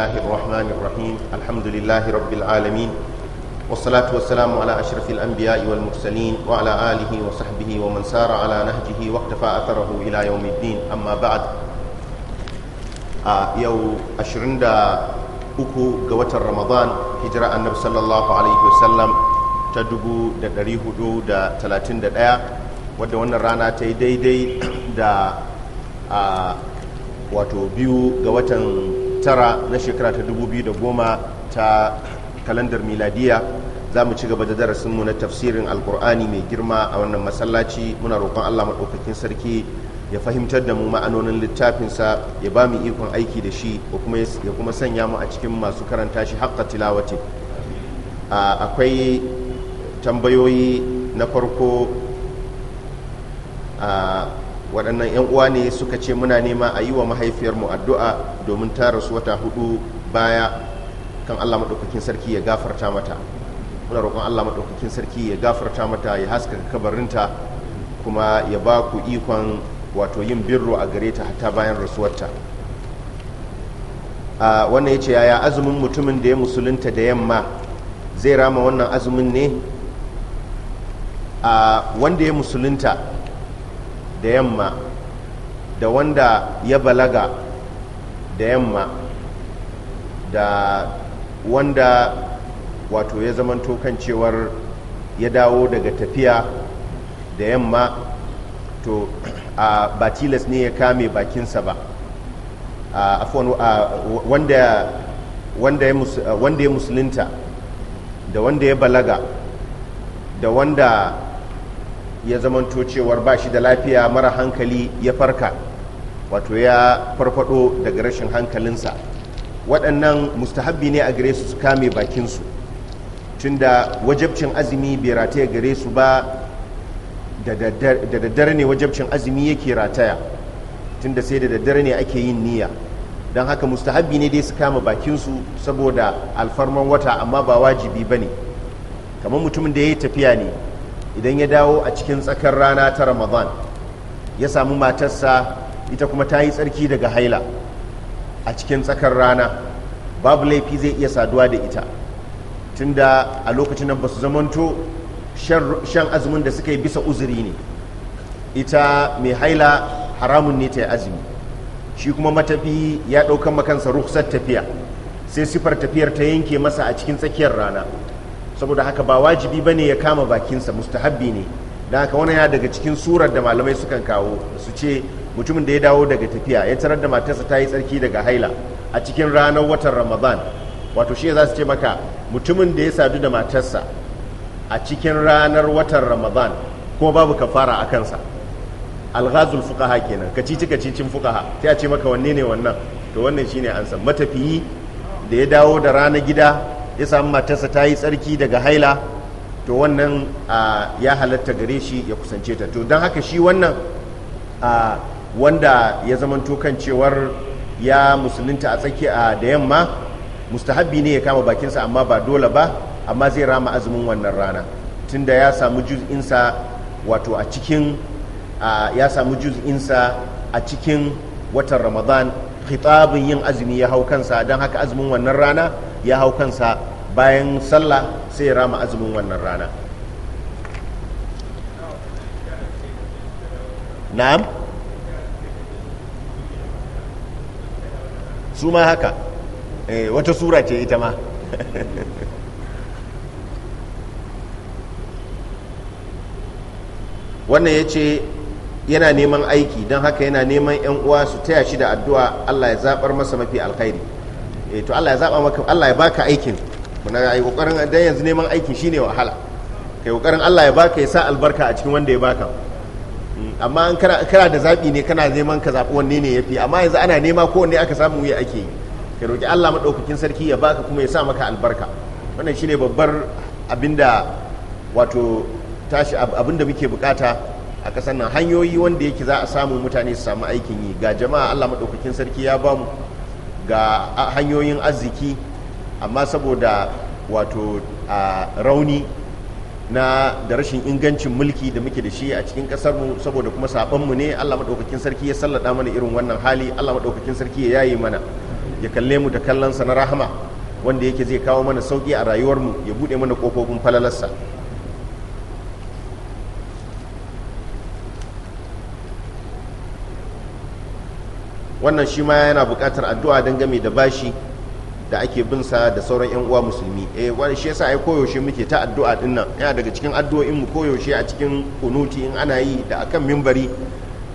الله الرحمن الرحيم الحمد لله رب العالمين والصلاة والسلام على أشرف الأنبياء والمرسلين وعلى آله وصحبه ومن سار على نهجه واقتفى أثره إلى يوم الدين أما بعد آه يو أشرين دا أكو قوة رمضان هجرة النبي صلى الله عليه وسلم تدبو دا دريه دو دا تلاتين دا دا wadda wannan rana ta yi daidai da a wato biyu ga watan tara na shekara ta dubu biyu da goma ta kalandar miladiya za mu ci gaba da darasinmu na tafsirin alkur'ani mai girma a wannan masallaci muna roƙon allah maɗaukakin sarki ya fahimtar da mu ma'anonin littafinsa ya ba mu ikon aiki da shi ya kuma sanya mu a cikin masu karanta shi haƙƙa tilawati akwai tambayoyi na farko waɗannan 'yan uwa ne suka ce muna nema a yi wa mahaifiyarmu addu'a domin ta rasu wata hudu baya kan allah maɗaukakin sarki ya gafarta mata muna roƙon allah maɗaukakin sarki ya gafarta mata ya haskaka kabarinta kuma ya ba ku ikon wato yin birro a gare ta hata bayan rasuwarta wannan ya ce yaya azumin mutumin da ya musulunta da yamma zai rama wannan azumin ne wanda ya musulunta da yamma da wanda ya balaga da yamma da wanda wato ya zamanto kan cewar ya dawo daga tafiya da yamma to a ba tilas ne ya kame bakinsa ba wanda ya musulunta da wanda ya balaga da wanda ya zamanto cewar ba shi da lafiya mara hankali ya farka wato ya farfado daga rashin hankalinsa waɗannan mustahabbi ne a gare su su kame bakinsu tunda wajabcin azumi bai rataya gare su ba da daddare ne wajabcin azumi yake rataya tunda sai da daddare ne ake yin niyya don haka mustahabbi ne dai su kama bakinsu saboda alfarman wata amma ba wajibi ba ne kamar mutumin da ya yi tafiya ne idan ya dawo a cikin tsakar rana ta ramadan ya samu matarsa ita kuma ta yi tsarki daga haila a cikin tsakar rana babu laifi zai iya saduwa da ita tunda a lokacin nan ba su zamanto shan azumin da suka yi bisa uzuri ne ita mai haila haramun ne ta yi azumi shi kuma matafi ya ɗaukan makansa ruksar tafiya sai sifar tafiyar ta yanke masa a cikin tsakiyar rana saboda haka ba wajibi ba ne ya kama bakinsa mustahabbi ne don haka wani ya daga cikin surar da malamai sukan kawo su ce mutumin da ya dawo daga tafiya ya tarar da matarsa ta yi tsarki daga haila a cikin ranar watan ramadan wato shi za su ce maka mutumin da ya sadu da matarsa a cikin ranar watan ramadan kuma babu kafara a kansa alghazul fuqaha kenan kacici kacicin fukaha. sai a ce maka wanne ne wannan to wannan shine ansa matafiyi da ya dawo da rana gida ya samu matarsa ta yi tsarki daga haila to wannan ya halatta gare shi ya kusance ta to don haka shi wannan wanda ya zamanto kan cewar ya musulunta a tsaki a da yamma mustahabbi ne ya kama bakinsa amma ba dole ba amma zai rama azumin wannan rana tunda ya samu juz'insa wato a cikin ya samu juz'insa a cikin watan ramadan khitabin yin azumi ya hau kansa don haka azumin wannan rana ya hau kansa bayan sallah sai ya rama azumin wannan rana na'am su ma haka eh, wata sura ce ita ma wannan ya ce yana neman aiki don haka yana neman 'yan uwa su taya shi da addu'a allah ya zaɓar masa mafi alkhairi eh, to allah ya zaɓa maka allah ya baka aikin muna yi kokarin dan yanzu neman aikin shine wahala kai kokarin Allah ya baka ya sa albarka a cikin wanda ya baka mm, amma an kana da zabi ne kana neman ka zabi wanne ne yafi amma yanzu ana nema ko wanne aka samu ya ake yi ka roki Allah madaukakin sarki ya baka kuma ya sa maka albarka wannan shine babbar abinda wato tashi abinda muke bukata a kasan nan hanyoyi wanda yake za a samu mutane su samu aikin yi ga jama'a Allah madaukakin sarki ya bamu ga hanyoyin arziki amma saboda wato rauni na da rashin ingancin mulki da muke da shi a cikin mu saboda kuma sabonmu ne allah maɗaukakin sarki ya sallada mana irin wannan hali allah maɗaukakin sarki ya yayi mana ya kalle mu da kallonsa na rahama wanda yake zai kawo mana sauki a rayuwarmu ya buɗe mana ƙofofin falalarsa wannan shi ma yana buƙatar addu'a don game da bashi da ake bin sa da sauran yan uwa musulmi eh wani shi yasa ai koyaushe muke ta addu'a din nan yana daga cikin addu'o'in mu koyaushe a cikin kunuti in ana yi da akan mimbari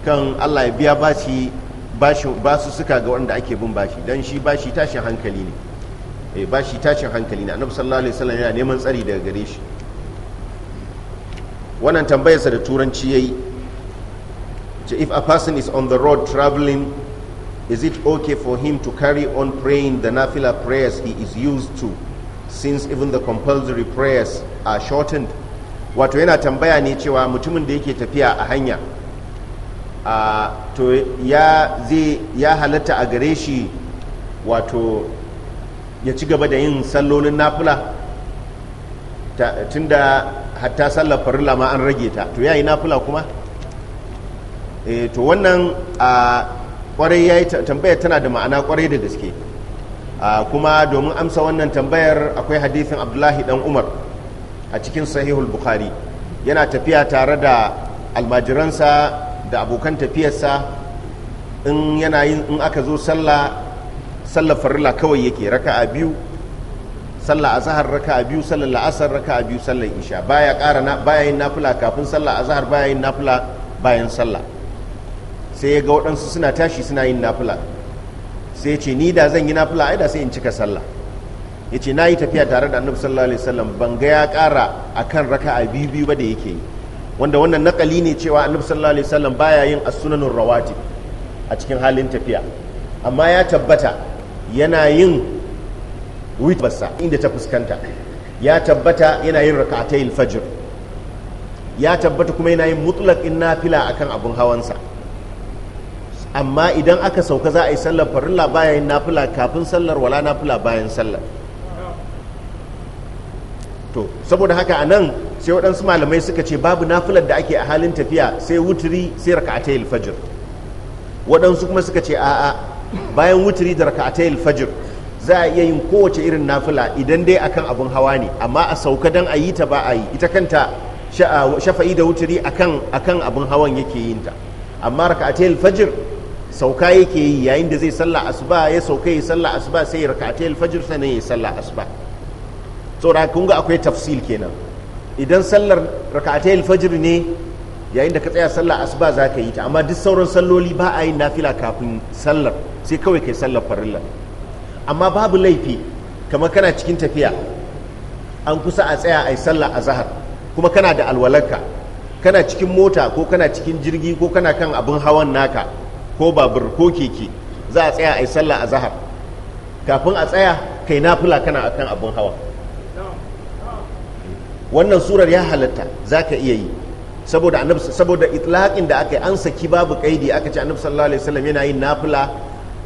kan Allah ya biya bashi bashi basu suka ga wanda ake bin bashi dan shi bashi tashin hankali ne eh bashi tashin hankali ne annabi sallallahu alaihi wasallam yana neman tsari daga gare shi wannan tambayarsa da turanci yayi if a person is on the road traveling is it okay for him to carry on praying the nafila prayers he is used to since even the compulsory prayers are shortened wato yana tambaya ne cewa mutumin da yake tafiya a hanya to ya halatta a gare shi wato ya ci gaba da yin sallolin nafila tunda hatta sallar farilla ma an rage ta to ya yi nafila kuma eh, to wannan a kwarai ya yi tambayar tana da ma'ana kwarai da gaske kuma domin amsa wannan tambayar akwai hadithin abdullahi dan umar a cikin sahihul bukhari yana tafiya tare da almajiransa da abokan tafiyarsa in yana yin in aka zo sallah sallar kawai yake raka a biyu sallah azhar a biyu sallar la'asar raka a biyu sallar isha baya ƙara yin nafila kafin sallah azhar baya yin nafila bayan sallah sai ya ga waɗansu suna tashi suna yin nafila sai ya ce ni da zan yi nafila ai da sai in cika sallah ya ce na yi tafiya tare da annabi sallallahu alaihi wasallam ban ga ya ƙara raka a biyu biyu ba da yake yi wanda wannan nakali ne cewa annabi sallallahu alaihi wasallam baya yin as-sunanur rawatib a cikin halin tafiya amma ya tabbata yana yin witbasa inda ta fuskanta ya tabbata yana yin raka'atayil fajr ya tabbata kuma yana yin mutlak in nafila akan abun hawansa amma idan aka sauka za a yi sallar farilla bayan nafila kafin sallar wala nafila bayan sallar to saboda haka anan sai waɗansu malamai suka ce babu nafilar da ake a halin tafiya sai wuturi sai raka'atayil fajr waɗansu kuma suka ce a'a bayan wuturi da raka'atayil fajir za a iya yin kowace irin nafila idan dai akan abun hawa ne amma a sauka dan a yi ta ba a yi ita kanta shafa'i da wuturi akan akan abun hawan yake yin ta amma raka'atayil fajir. sauka yake yi yayin da zai sallah asuba ya sauka yi sallah asuba sai ya rakata alfajir sannan ya sallah asuba saboda kun ga akwai tafsil kenan idan sallar rakata alfajir ne yayin da ka tsaya sallah asuba za ka yi ta amma duk sauran salloli ba a yin nafila kafin sallar sai kawai kai sallar farilla amma babu laifi kamar kana cikin tafiya an kusa a tsaya a yi sallah a zahar kuma kana da alwalarka kana cikin mota ko kana cikin jirgi ko kana kan abin hawan naka ko babur ko keke za a tsaya a yi sallah a zahar kafin a tsaya kai nafila kana akan abin hawa wannan surar ya halatta za ka iya yi saboda itlaƙin da aka yi an saki babu kaidi aka ce annabi sallallahu alaihi wasallam yana yin nafila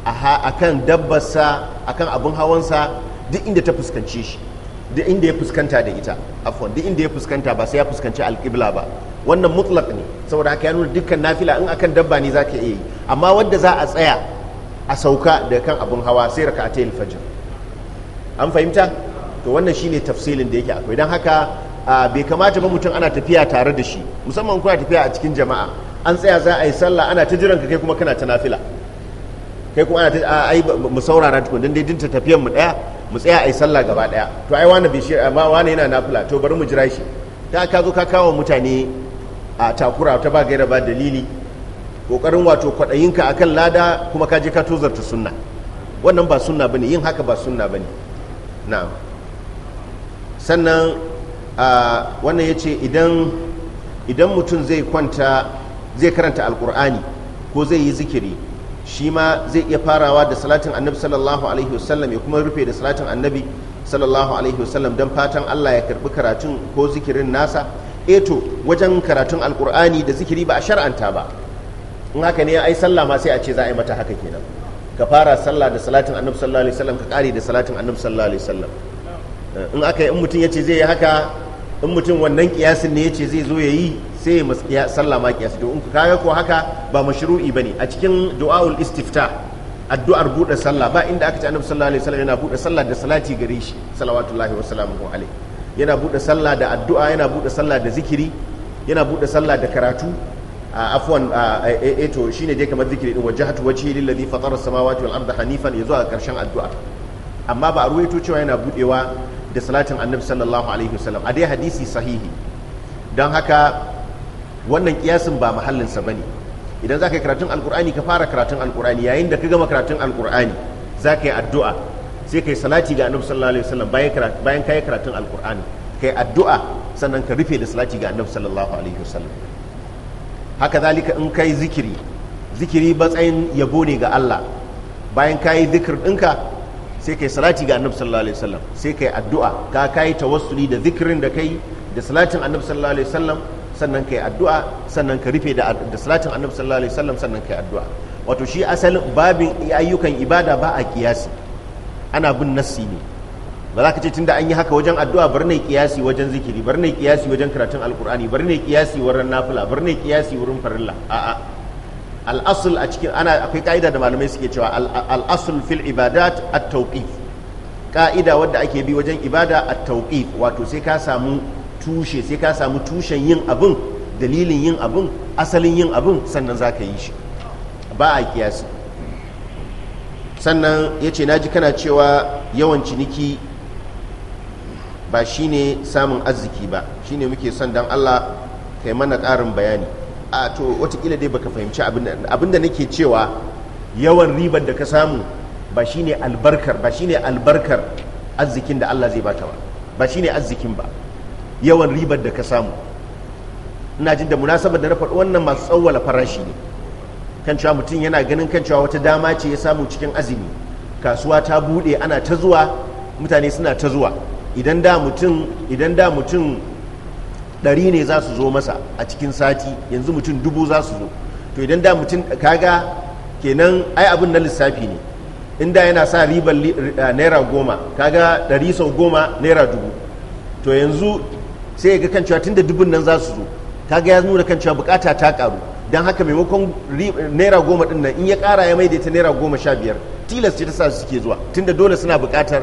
akan dabbarsa akan abin hawansa duk inda ta fuskanci shi duk inda ya fuskanta da ita afwan duk inda ya fuskanta ba sai ya fuskanci alqibla ba wannan mutlak ne saboda haka ya nuna dukkan nafila in akan dabba ne za zaka iya yi amma wanda za a tsaya a sauka da kan abin hawa sai raka raka'atayil fajr an fahimta to wannan shine tafsilin da yake akwai Don haka bai kamata ba mutum ana tafiya tare da shi musamman kuna tafiya a cikin jama'a an tsaya za a yi sallah ana ta jiran ka kai kuma kana ta nafila kai kuma ana ta ai mu saurara tukun dan dai dinta tafiyan mu daya mu tsaya a yi sallah gaba daya to ai wani bishi amma wani yana nafila to bari mu jira shi ta ka zo ka kawo mutane a takura ta ba gaira ba dalili kokarin wato kwaɗayinka akan lada kuma ka je ka tozarta sunna wannan ba sunna bane yin haka ba sunna bane na'am sannan wannan ya ce idan idan mutum zai kwanta zai karanta alkur'ani ko zai yi zikiri shi ma zai iya farawa da salatin annabi sallallahu alaihi wasallam ya kuma rufe da salatin annabi sallallahu alaihi wasallam don fatan allah ya karbi karatun ko zikirin nasa keto wajen karatun alkur'ani da zikiri ba a shar'anta ba in haka ne ai sallah ma sai a ce za a yi mata haka kenan ka fara sallah da salatin annabi sallallahu alaihi wasallam ka kare da salatin annabi sallallahu alaihi wasallam eh, in aka in mutum yace zai yi haka in mutum wannan kiyasin ne yace zai zo ya yi sai ya sallah ma kiyasi to in ka kaga ko haka ba mashru'i bane a cikin du'aul istifta addu'ar buɗe sallah ba inda aka ce annabi sallallahu alaihi wasallam yana buɗe sallah da salati gare shi salawatullahi wa salamuhu alaihi yana buɗe sallah da addu'a yana buɗe sallah da zikiri yana buɗe sallah da karatu a afwan a to shine dai kamar zikiri din wajhatu wajhi lil fatara samawati wal arda hanifan yazo a karshen addu'a amma ba a ruwaito cewa yana buɗewa da salatin annabi sallallahu alaihi wasallam a dai hadisi sahihi don haka wannan kiyasin ba ba bane idan zaka yi karatun alkur'ani ka fara karatun alkur'ani yayin da ka gama karatun alkur'ani zaka yi addu'a sai kai salati ga annabi sallallahu alaihi wasallam bayan bayan kai karatun alqur'ani kai addu'a sannan ka rufe da salati ga annabi sallallahu alaihi wasallam haka zalika in kai zikiri zikiri matsayin yabo ne ga Allah bayan kai zikir ɗinka sai kai salati ga annabi sallallahu alaihi wasallam sai kai addu'a ka kai tawassuli da zikirin da kai da salatin annabi sallallahu alaihi wasallam sannan kai addu'a sannan ka rufe da salatin annabi sallallahu alaihi wasallam sannan kai addu'a wato shi asalin babin ayyukan ibada ba a kiyasi ana bin nassi ne ba za ka ce tunda an yi haka wajen addu'a bar ne kiyasi wajen zikiri bar ne kiyasi wajen karatun alkur'ani bar ne kiyasi wurin nafila bar ne kiyasi wurin farilla a'a al'asul a cikin ana akwai ka'ida da malamai suke cewa al'asul fil ibadat at tawqif ka'ida wadda ake bi wajen ibada at tawqif wato sai ka samu tushe sai ka samu tushen yin abin dalilin yin abin asalin yin abin sannan za ka yi shi ba a kiyasi sannan ya ce naji kana cewa yawan ciniki ba shine samun arziki ba shine muke son don Allah kai mana ƙarin bayani a to watakila dai baka fahimci abinda nake cewa yawan ribar da ka samu ba shine albarkar ba shine albarkar arzikin da Allah zai baka ba ba shine arzikin ba yawan ribar da ka samu ina jin da munasabar da na faɗi wannan masu tsawwala farashi ne kan cewa mutum yana ganin kan cewa wata dama ce ya samu cikin azumi kasuwa ta bude ana ta zuwa mutane suna ta zuwa idan da mutum idan da mutum ɗari ne za su zo masa a cikin sati yanzu mutum dubu za su zo to idan da mutum kaga kenan ai abin na lissafi ne inda yana sa ribar naira goma kaga ɗari sau goma naira dubu to yanzu sai ga kan cewa tun da dubun nan za su zo kaga ya nuna kan cewa bukata ta karu don haka maimakon naira goma din nan in ya kara ya maida ta naira goma sha biyar tilas ce ta sa suke zuwa tunda dole suna buƙatar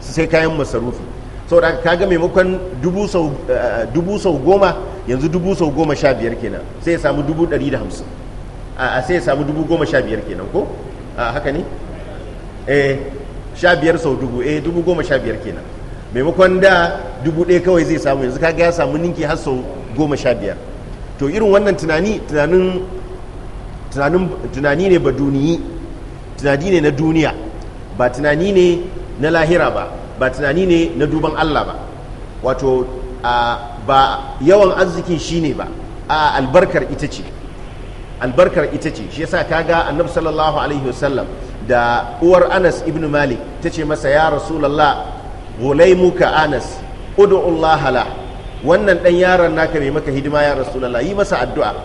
su sai kayan masarufi da kaga maimakon eh, dubu sau goma yanzu dubu sau goma sha biyar kenan sai ya samu dubu ɗari da hamsin a sai ya samu dubu goma sha biyar kenan ko a haka ne eh sha biyar sau dubu eh dubu goma sha biyar kenan maimakon da dubu ɗaya kawai zai samu yanzu kaga ya samu ninki har sau goma sha biyar to irin wannan tunani tunanin tunani ne ba duniyi tunani ne na duniya ba tunani ne na lahira ba ba tunani ne na duban Allah ba wato ba yawan arzikin shine ba a albarkar ita ce albarkar ita ce shi yasa kaga annabi sallallahu alaihi wasallam da uwar Anas ibn Malik tace masa ya Rasulullah gulaimuka Anas ud'u Allah la wannan ɗan yaron naka mai maka hidima ya rasulullah yi masa addu'a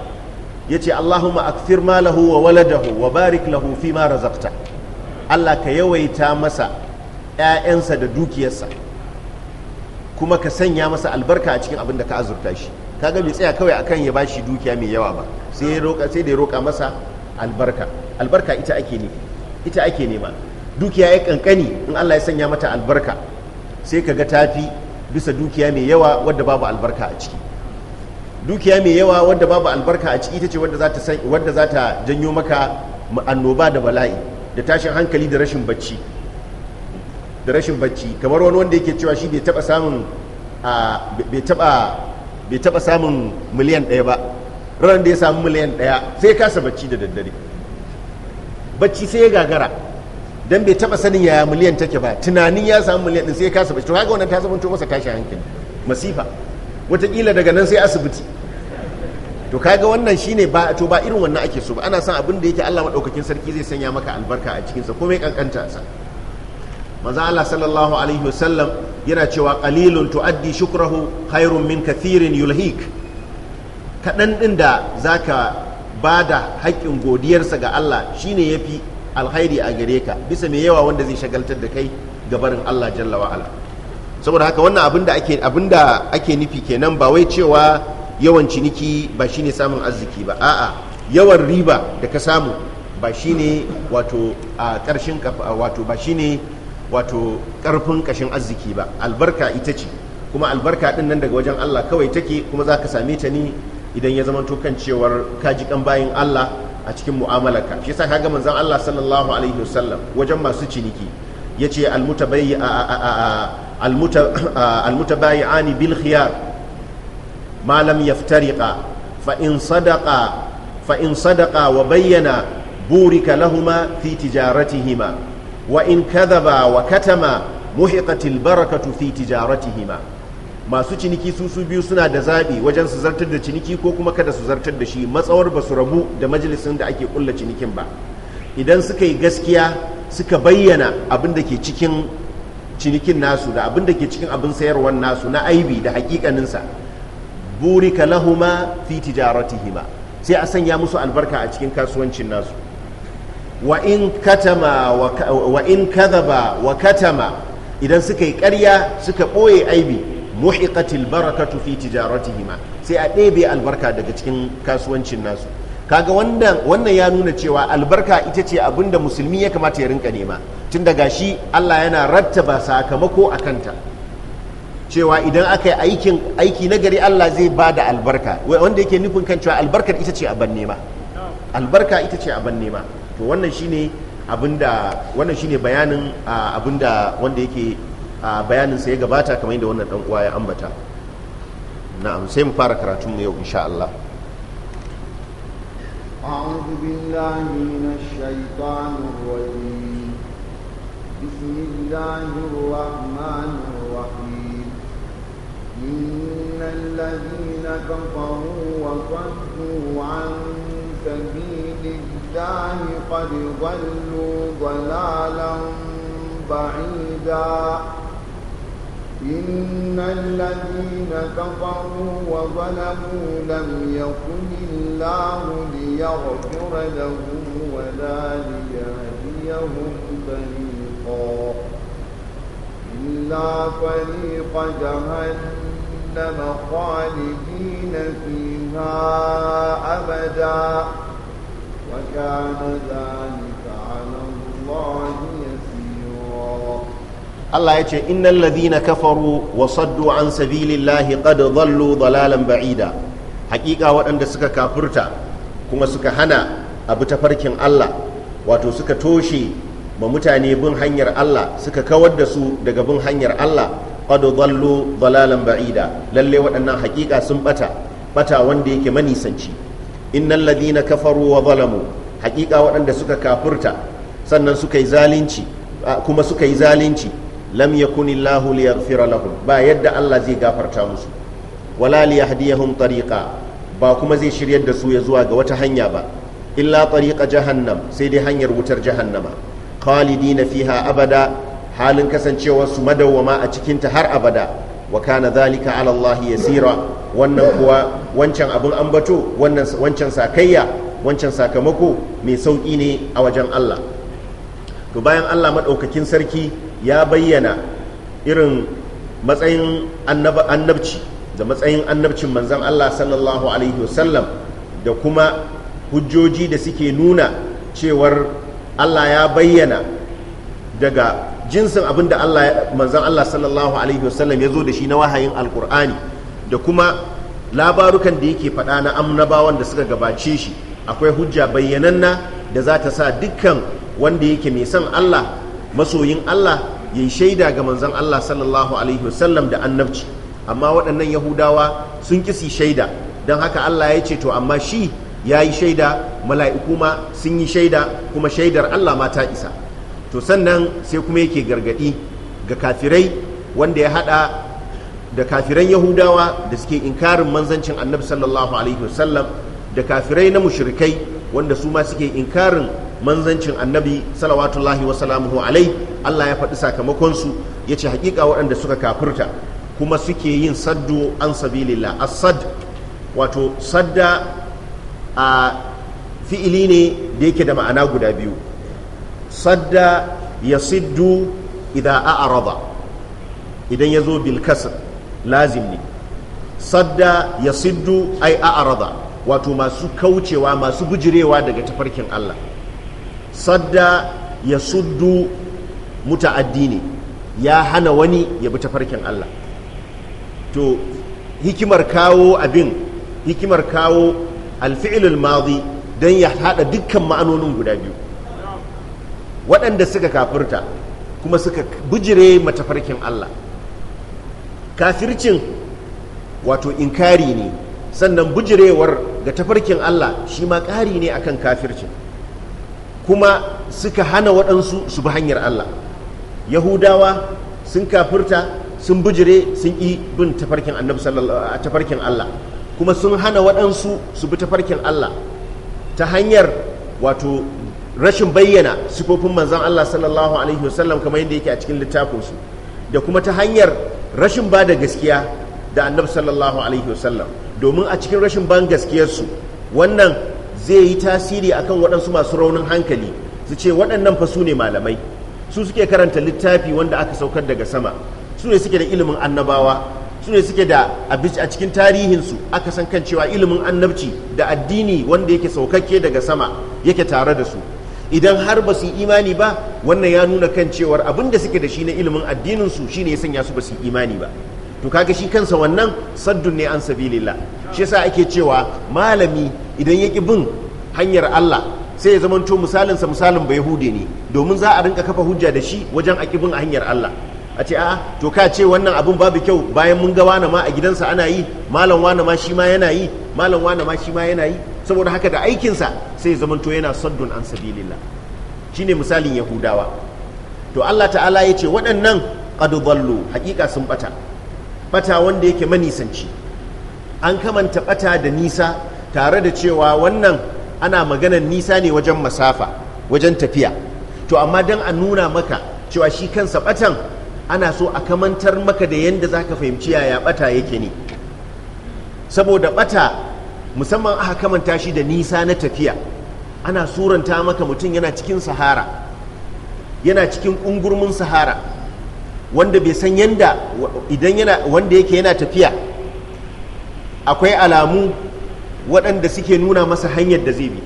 yace allahumma akthir lahu wa waladahu wa barik lahu fi ma razaqta allah ka yawaita masa ƴaƴansa da dukiyarsa kuma ka sanya masa albarka a cikin abin da ka azurta shi kaga bai tsaya kawai akan ya bashi dukiya mai yawa ba sai ya roka masa albarka albarka ita ake ne ita ake nema dukiya ya kankani in Allah ya sanya mata albarka sai ka ga tafi bisa dukiya mai yawa wadda babu albarka a ciki dukiya mai yawa wadda babu albarka a ciki ita ce wadda za ta janyo maka annoba da bala'i da tashin hankali da rashin bacci da rashin bacci kamar wani wanda yake cewa shi bai taba samun miliyan ɗaya ba ranar da ya samu miliyan ɗaya sai ya kasa bacci da daddare bacci sai ya gagara dan bai taba sanin yaya miliyan take ba tunanin ya samu miliyan din sai ya kasa to haka wannan ta zama to masa tashi hankali masifa wataƙila daga nan sai asibiti to kaga wannan shine ba to ba irin wannan ake so ba ana son abin da yake Allah madaukakin sarki zai sanya maka albarka a cikin sa komai kankanta sa manzo Allah sallallahu alaihi wasallam yana cewa qalilun tuaddi shukrahu khairun min kathirin yulhik kadan din da zaka bada haƙƙin godiyarsa ga Allah shine yafi alkhairi a gare ka bisa mai yawa wanda zai shagaltar da kai ga barin Allah jalla wa saboda haka wannan abin da ake nufi kenan ba wai cewa yawan ciniki ba shine samun arziki ba a'a yawan riba da ka samu ba shine wato a karshen wato ba shine wato karfin kashin arziki ba albarka ita ce kuma albarka din nan daga wajen Allah kawai take kuma za ka same ta ne idan ya zamanto kan cewar kaji kan bayin Allah a cikin mu'amalarka shi yasa kaga manzon Allah sallallahu alaihi wasallam wajen masu ciniki yace almutabayyi almutabayi'ani bil khiyar ma lam yaftariqa fa in sadaqa fa in sadaqa wa bayyana burika lahuma fi tijaratihima wa in kadhaba wa katama muhiqatil barakatu fi tijaratihima masu ciniki su su biyu suna da zaɓi wajen su zartar da ciniki ko kuma kada su zartar da shi matsawar ba su rabu da majalisun da ake kulla cinikin ba idan suka yi gaskiya suka bayyana abin da ke cikin cinikin nasu da abin da ke cikin abin sayarwar nasu na aibi da hakikaninsa burika lahuma fi tijaratihima sai a sanya musu albarka a cikin kasuwancin nasu wa in katama wa in idan suka yi ƙarya suka ɓoye aibi muhiqatil barakatu fi tijaratihima sai a ɗebe albarka daga cikin kasuwancin nasu kaga wannan wannan ya nuna cewa albarka ita ce abin musulmi ya kamata ya rinka nema tun daga shi Allah yana rattaba sakamako a kanta cewa idan aka yi aikin aiki na gari Allah zai ba da albarka wanda yake nufin kan cewa albarkar ita ce abin nema albarka ita ce abin nema to wannan shine abinda wannan shine bayanin abinda wanda yake a bayanin sa ya gabata kamar yadda wannan dan uwa ya ambata na'am sai mu fara karatun mu yau insha Allah أعوذ بالله من الشيطان الرجيم بسم الله الرحمن الرحيم إن الذين كفروا وصدوا عن سبيل الله قد ضلوا ضلالا بعيدا إن الذين كفروا وظلموا لم يكن الله ليغفر لهم ولا ليهديهم طريقا إلا طريق جهنم خالدين فيها أبدا وكان ذلك على الله يسيرا Allah ya ce innan ladhina kafaru wa saddu an sabilillahi qad dhallu dalalan ba'ida hakika waɗanda suka kafurta kuma suka hana abu ta farkin Allah wato suka toshe ma mutane bin hanyar Allah suka kawar da su daga bin hanyar Allah qad dhallu dalalan ba'ida lalle waɗannan hakika sun bata bata wanda yake manisanci innan ladhina kafaru wa zalamu hakika waɗanda suka kafurta sannan suka yi zalunci kuma suka yi zalunci lam yakuni Allahu liyaghfira ba yadda Allah zai gafarta musu walali ya liyahdiyahum tariqa ba kuma zai shiryar da su ya zuwa ga wata hanya ba illa tariqa jahannam sai dai hanyar wutar jahannama khalidina fiha abada halin kasancewar su madawwama a cikin ta har abada wa kana dhalika ala Allah yasira wannan kuwa wancan abun ambato wancan sakayya wancan sakamako mai sauƙi ne a wajen Allah to bayan Allah madaukakin sarki ya bayyana irin matsayin annabci da matsayin annabcin manzan Allah sallallahu alaihi wasallam da kuma hujjoji da suke nuna cewar Allah ya bayyana daga jinsin abin da manzan Allah sallallahu alaihi wasallam ya zo da shi na wahayin alkur'ani da kuma labarukan da yake faɗa na amnabawan da suka gabace shi akwai hujja bayyananna da za ta sa dukkan wanda yake mai son Allah masoyin Allah yayi shaida ga manzon Allah sallallahu alaihi wasallam da annabci amma waɗannan yahudawa sun kisi shaida don haka Allah ya ce to amma shi ya yi shaida mala'iku ma sun yi shaida kuma shaidar Allah ma ta isa to sannan sai kuma yake gargaɗi ga kafirai wanda ya haɗa da kafiran yahudawa da suke inkarin manzancin annabi sallallahu alaihi wasallam da kafirai na mushrikai wanda su ma suke inkarin manzancin annabi salawatullahi wa salamuhu alai Allah ya faɗi sakamakonsu ya ce hakika waɗanda suka kafurta kuma suke yin saddu an sabilillah asad wato sadda a fi'ili ne da yake da ma'ana guda biyu sadda ya siddu idan a'arada idan ya zo bilkasar lazim ne sadda ya siddu ai a'arada wato masu kaucewa masu gujirewa daga tafarkin Allah sadda ya suddu muta addini ya hana wani ya bi tafarkin Allah to hikimar kawo abin hikimar kawo alfi'ilul madi don ya hada dukkan ma'anonin guda biyu waɗanda suka kafirta kuma suka bujire matafarkin Allah kafircin wato inkari ne sannan bujirewar ga tafarkin Allah shi ma ƙari ne akan kafircin kuma suka hana waɗansu su bi hanyar Allah yahudawa sun kafirta sun bujire, sun yi bin tafarkin annabi sallallahu tafarkin Allah kuma sun hana waɗansu su bi tafarkin Allah ta hanyar wato rashin bayyana sifofin manzon Allah sallallahu alaihi wasallam kamar yadda yake a cikin littafinsu da kuma ta hanyar rashin ba da gaskiya da annabi sallallahu alaihi wasallam domin a cikin rashin ban gaskiyarsu wannan zai yi tasiri akan waɗansu masu raunin hankali su ce waɗannan fa su ne malamai su suke karanta littafi wanda aka saukar daga sama su ne suke da ilimin annabawa su ne suke da a cikin tarihinsu aka san kan cewa ilimin annabci da addini wanda yake saukakke daga sama yake tare da su idan har ba su imani ba wannan ya nuna kan cewar abin da suke da shi na ilimin addininsu shine ya sanya su ba su imani ba to kaga shi kansa wannan saddun ne an sabilillah shi yasa ake cewa malami idan ya ki bin hanyar Allah sai ya zamanto misalinsa misalin bai yahude ne domin za a rinka kafa hujja da shi wajen a bin hanyar Allah a ce a to ka ce wannan abin babu kyau bayan mun ga wani ma a gidansa ana yi malam wani ma shi ma yana yi malam wani ma shi ma yana yi saboda haka da aikinsa sai ya zamanto yana saddun an sabilillah shine misalin yahudawa to Allah ta'ala ya ce waɗannan qad hakika sun ɓata. bata wanda yake manisanci an kamanta bata da nisa tare da cewa wannan ana maganan nisa ne wajen masafa wajen tafiya to amma don a nuna maka cewa shi kansa batan ana so a kamantar maka da yadda za ka fahimci yaya bata yake ne saboda bata musamman aka kamanta shi da nisa na tafiya ana suranta maka mutum yana cikin sahara yana cikin ƙungurmin sahara wanda bai san yanda idan yana wanda yake yana tafiya akwai alamu waɗanda suke nuna masa hanyar da zai bi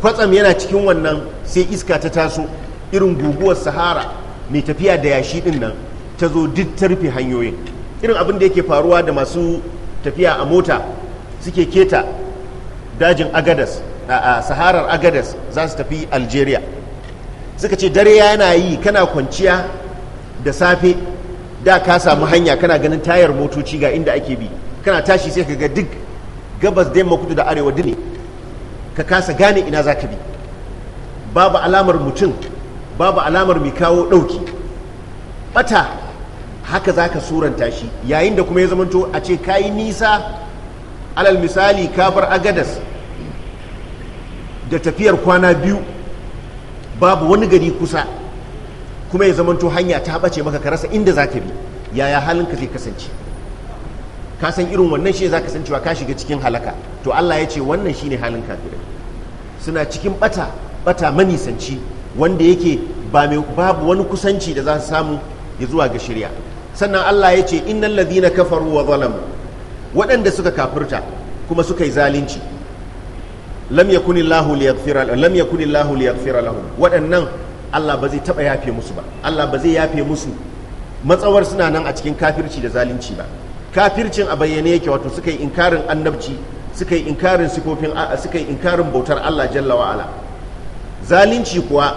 kwatsam yana cikin wannan sai iska ta taso irin guguwar sahara mai tafiya da yashi ɗinnan nan ta zo duk ta rufe hanyoyin irin abin da yake faruwa da masu tafiya a mota suke keta dajin agadas a saharar agadas za su tafi algeria suka ce dare yana yi kana kwanciya da safe da ka samu hanya kana ganin tayar motoci ga inda ake bi kana tashi sai ka ga duk gabas da kudu da arewa duk ka kasa gane ina za ka bi babu alamar mutum babu alamar mai kawo ɗauki bata haka za ka suranta shi yayin da kuma ya zamanto a ce ka yi nisa alal misali ka bar agadas da tafiyar kwana biyu babu wani gari kusa kuma ya zamanto hanya ta bace maka ka rasa inda za ka bi yaya halinka zai kasance ka san irin wannan shi za ka san cewa ka shiga cikin halaka to Allah ya ce wannan shine halin kafirai suna cikin bata bata manisanci wanda yake babu wani kusanci da za su samu ya zuwa ga shirya sannan Allah ya ce innal ladina kafaru wa zalamu waɗanda suka kafirta kuma suka yi zalunci lam yakuni Allahu liyaghfira lahum waɗannan Allah ba zai taɓa yafe musu ba Allah ba zai yafe musu matsawar suna nan a cikin kafirci da zalunci ba kafircin a bayyane yake wato suka yi inkarin annabci suka yi inkarin sifofin suka yi inkarin bautar Allah jalla wa ala zalunci kuwa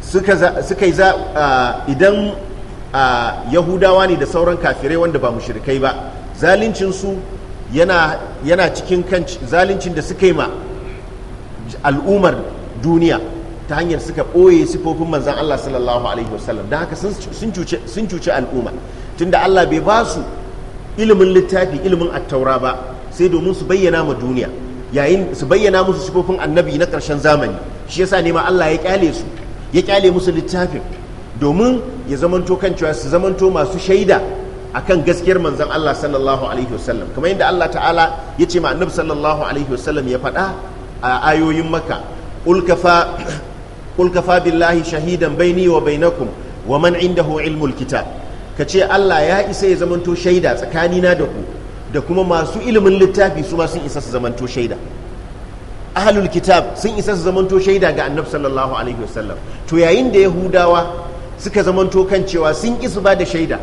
suka suka yi idan yahudawa ne da sauran kafirai wanda ba mushrikai ba zalincin yana cikin kan zaluncin da suka yi ma al'ummar duniya ta hanyar suka ɓoye sifofin manzan Allah sallallahu alaihi wasallam don haka sun cuci al'umma tunda Allah bai ba su ilimin littafi ilimin attaura ba sai domin su bayyana ma duniya yayin su bayyana musu sifofin annabi na ƙarshen zamani shi yasa ne ma Allah ya kyale su ya kyale musu littafin domin ya zamanto kan cewa su zamanto masu shaida akan gaskiyar manzan Allah sallallahu alaihi wasallam kamar yadda Allah ta'ala ya ce ma annabi sallallahu alaihi wasallam ya faɗa a ayoyin maka ulkafa qul kafa billahi shahidan baini wa bainakum wa man indahu ilmul kitab kace Allah ya isa ya zamanto shaida tsakanina da ku da kuma masu ilimin littafi su ma sun isa su zamanto shaida ahlul kitab sun isa su zamanto shaida ga annabi sallallahu alaihi wasallam to yayin da yahudawa suka zamanto kan cewa sun isa ba da shaida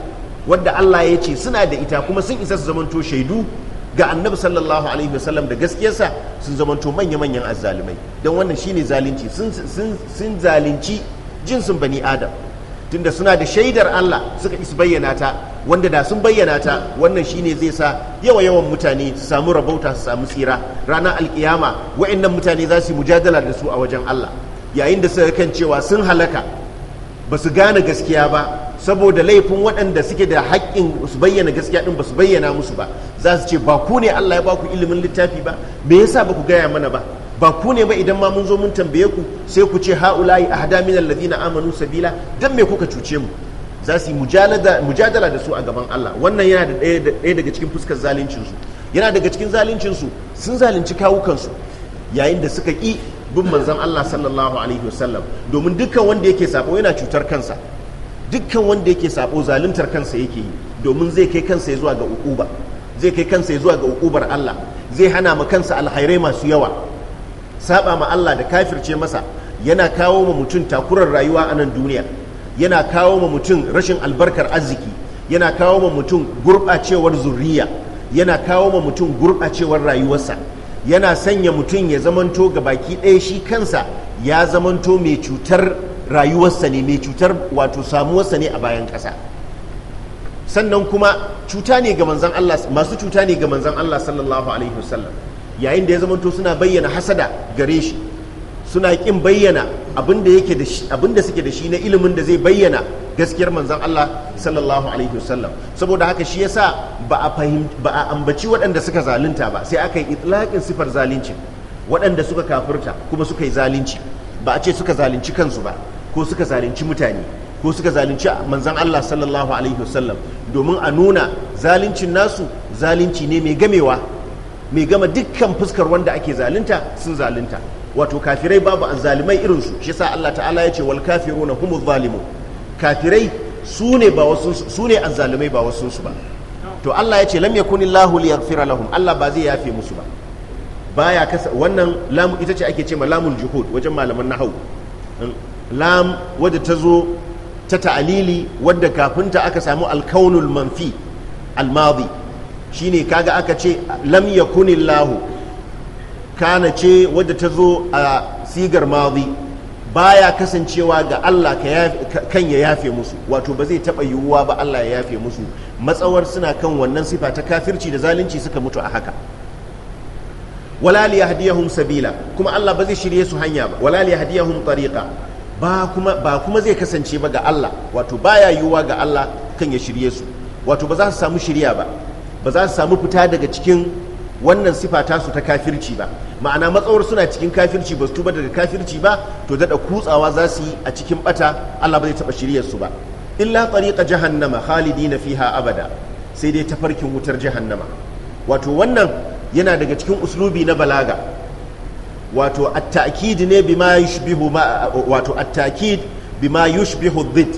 wadda Allah ya ce suna da ita kuma sun isa su zamanto shaidu ga annabi sallallahu alaihi wasallam da gaskiyarsa sun zamanto manya-manyan azzalumai don wannan shine zalunci sun zalunci jinsin bani adam tunda suna da shaidar Allah suka isa bayyana ta wanda da sun bayyana ta wannan shine zai sa yawa yawan mutane su samu rabauta su samu tsira ranar alkiyama wa'annan mutane za su mujadala da su a wajen Allah yayin da suka kan cewa sun halaka ba su gane gaskiya ba saboda laifin waɗanda suke da haƙƙin su bayyana gaskiya ɗin ba su bayyana musu ba za su ce ba ku ne Allah ya ba ku ilimin littafi ba me yasa ba ku gaya mana ba ba ku ne ba idan ma mun zo mun tambaye ku sai ku ce ha'ula'i ahda min alladhina amanu sabila dan me kuka cuce mu za su yi mujadala da su a gaban Allah wannan yana da ɗaya daga cikin fuskar su. yana daga cikin su sun zalunci kawukansu yayin da suka ƙi bin manzon Allah sallallahu alaihi wasallam domin dukkan wanda yake sako yana cutar kansa dukkan wanda yake sabo zaluntar kansa yake yi domin zai kai kansa zuwa ga ukuba zai kai kansa zuwa ga ukubar Allah zai hana ma kansa alhairai masu yawa saba ma Allah da kafirce masa yana kawo ma mutum takurar rayuwa a nan duniya yana kawo ma mutum rashin albarkar arziki yana kawo ma mutum gurɓacewar zurriya yana kawo ma mutum gurɓacewar rayuwarsa yana sanya mutum ya zamanto ga baki ɗaya shi kansa ya zamanto mai cutar rayuwarsa ne mai cutar wato samuwarsa ne a bayan ƙasa sannan kuma cuta ne ga manzan Allah masu cuta ne ga manzan Allah sallallahu alaihi wasallam yayin da ya zamanto suna bayyana hasada gare shi suna kin bayyana abin da suke da shi na ilimin da zai bayyana gaskiyar manzan Allah sallallahu alaihi wasallam saboda haka shi yasa ba a ba a ambaci waɗanda suka zalunta ba sai aka yi itlaqin sifar zalunci waɗanda suka kafirta kuma suka yi zalunci ba a ce suka zalunci kansu ba ko suka zalunci mutane ko suka zalunci manzan Allah sallallahu alaihi wasallam domin a nuna zaluncin nasu zalunci ne mai gamewa mai gama dukkan fuskar wanda ake zalunta sun zalunta wato kafirai babu azzalimai irin su shi yasa Allah ta'ala ya ce wal kafiruna humu zalimu kafirai su ne ba wasu ba wasu su ba to Allah ya ce lam yakunillahu liyaghfira lahum Allah ba zai yafe musu ba baya kasa wannan lamu ita ce ake ce ma lamul juhud wajen malaman nahau lam wadda ta zo ta ta'alili wadda kafinta aka samu alkaunul manfi almadi shine kaga aka ce lam yakunillahu kana ce wadda ta zo a sigar madi baya kasancewa ga Allah kan ya yafe musu wato ba zai taɓa yiwuwa ba Allah ya yafe musu matsawar suna kan wannan sifa ta kafirci da zalunci suka mutu a haka wala li yahdiyahum sabila kuma Allah ba zai shirye su hanya ba wala li yahdiyahum tariqa ba kuma ba kuma zai kasance ba ga Allah wato baya yiwuwa ga Allah kan ya shirye su wato ba za su samu shirya ba ba za su samu fita daga cikin wannan sifa ta su ta kafirci ba ma'ana matsawar suna cikin kafirci ba su tuba daga kafirci ba to daɗa kutsawa za su yi a cikin bata Allah ba zai taɓa shirya su ba illa tariqa jahannama khalidina fiha abada sai dai tafarkin wutar jahannama wato wannan yana daga cikin uslubi na balaga wato attakid takid ne bima yushbihu ma wato attakid bima yushbihu dhid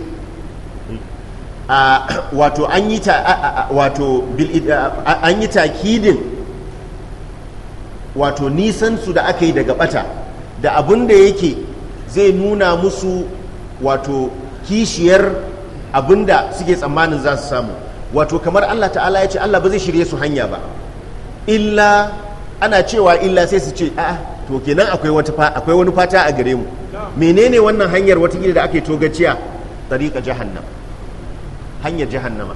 wato an yi ta wato bil an yi takidin wato nisan su da aka yi daga bata da abun da yake zai nuna musu wato kishiyar abun da suke tsammanin za su samu wato kamar Allah ta'ala ya ce Allah ba zai shirye su hanya ba illa ana cewa illa sai su ce a'a to kenan akwai wata akwai wani fata a gare mu menene wannan hanyar wata da ake togaciya tariqa jahannam hanyar jahannama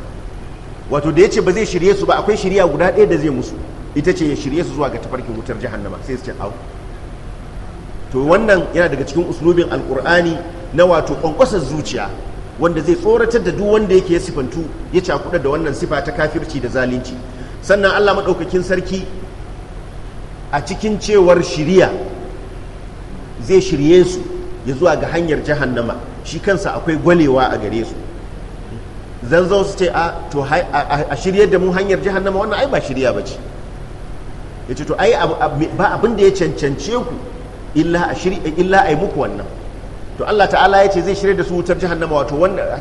wato da yace ba zai shirye su ba akwai shirya guda ɗaya da zai musu ita ce ya shirye su zuwa ga tafarkin wutar jahannama sai su ce au to wannan yana daga cikin uslubin alkur'ani na wato kwankwasar zuciya wanda zai tsoratar da duk wanda yake ya sifantu ya cakuɗa da wannan sifa ta kafirci da zalunci sannan Allah maɗaukakin sarki a cikin cewar shiriya zai shirye su ya zuwa ga hanyar jahannama shi kansa akwai gwalewa a gare su zan zo su ce a to a shirye da mu hanyar jahannama wannan ai ba shirya ba ce ya ce to ai ba abin da ya cancance ku illa a yi muku wannan to Allah ta'ala ya ce zai shirya da su wutar jahannama wato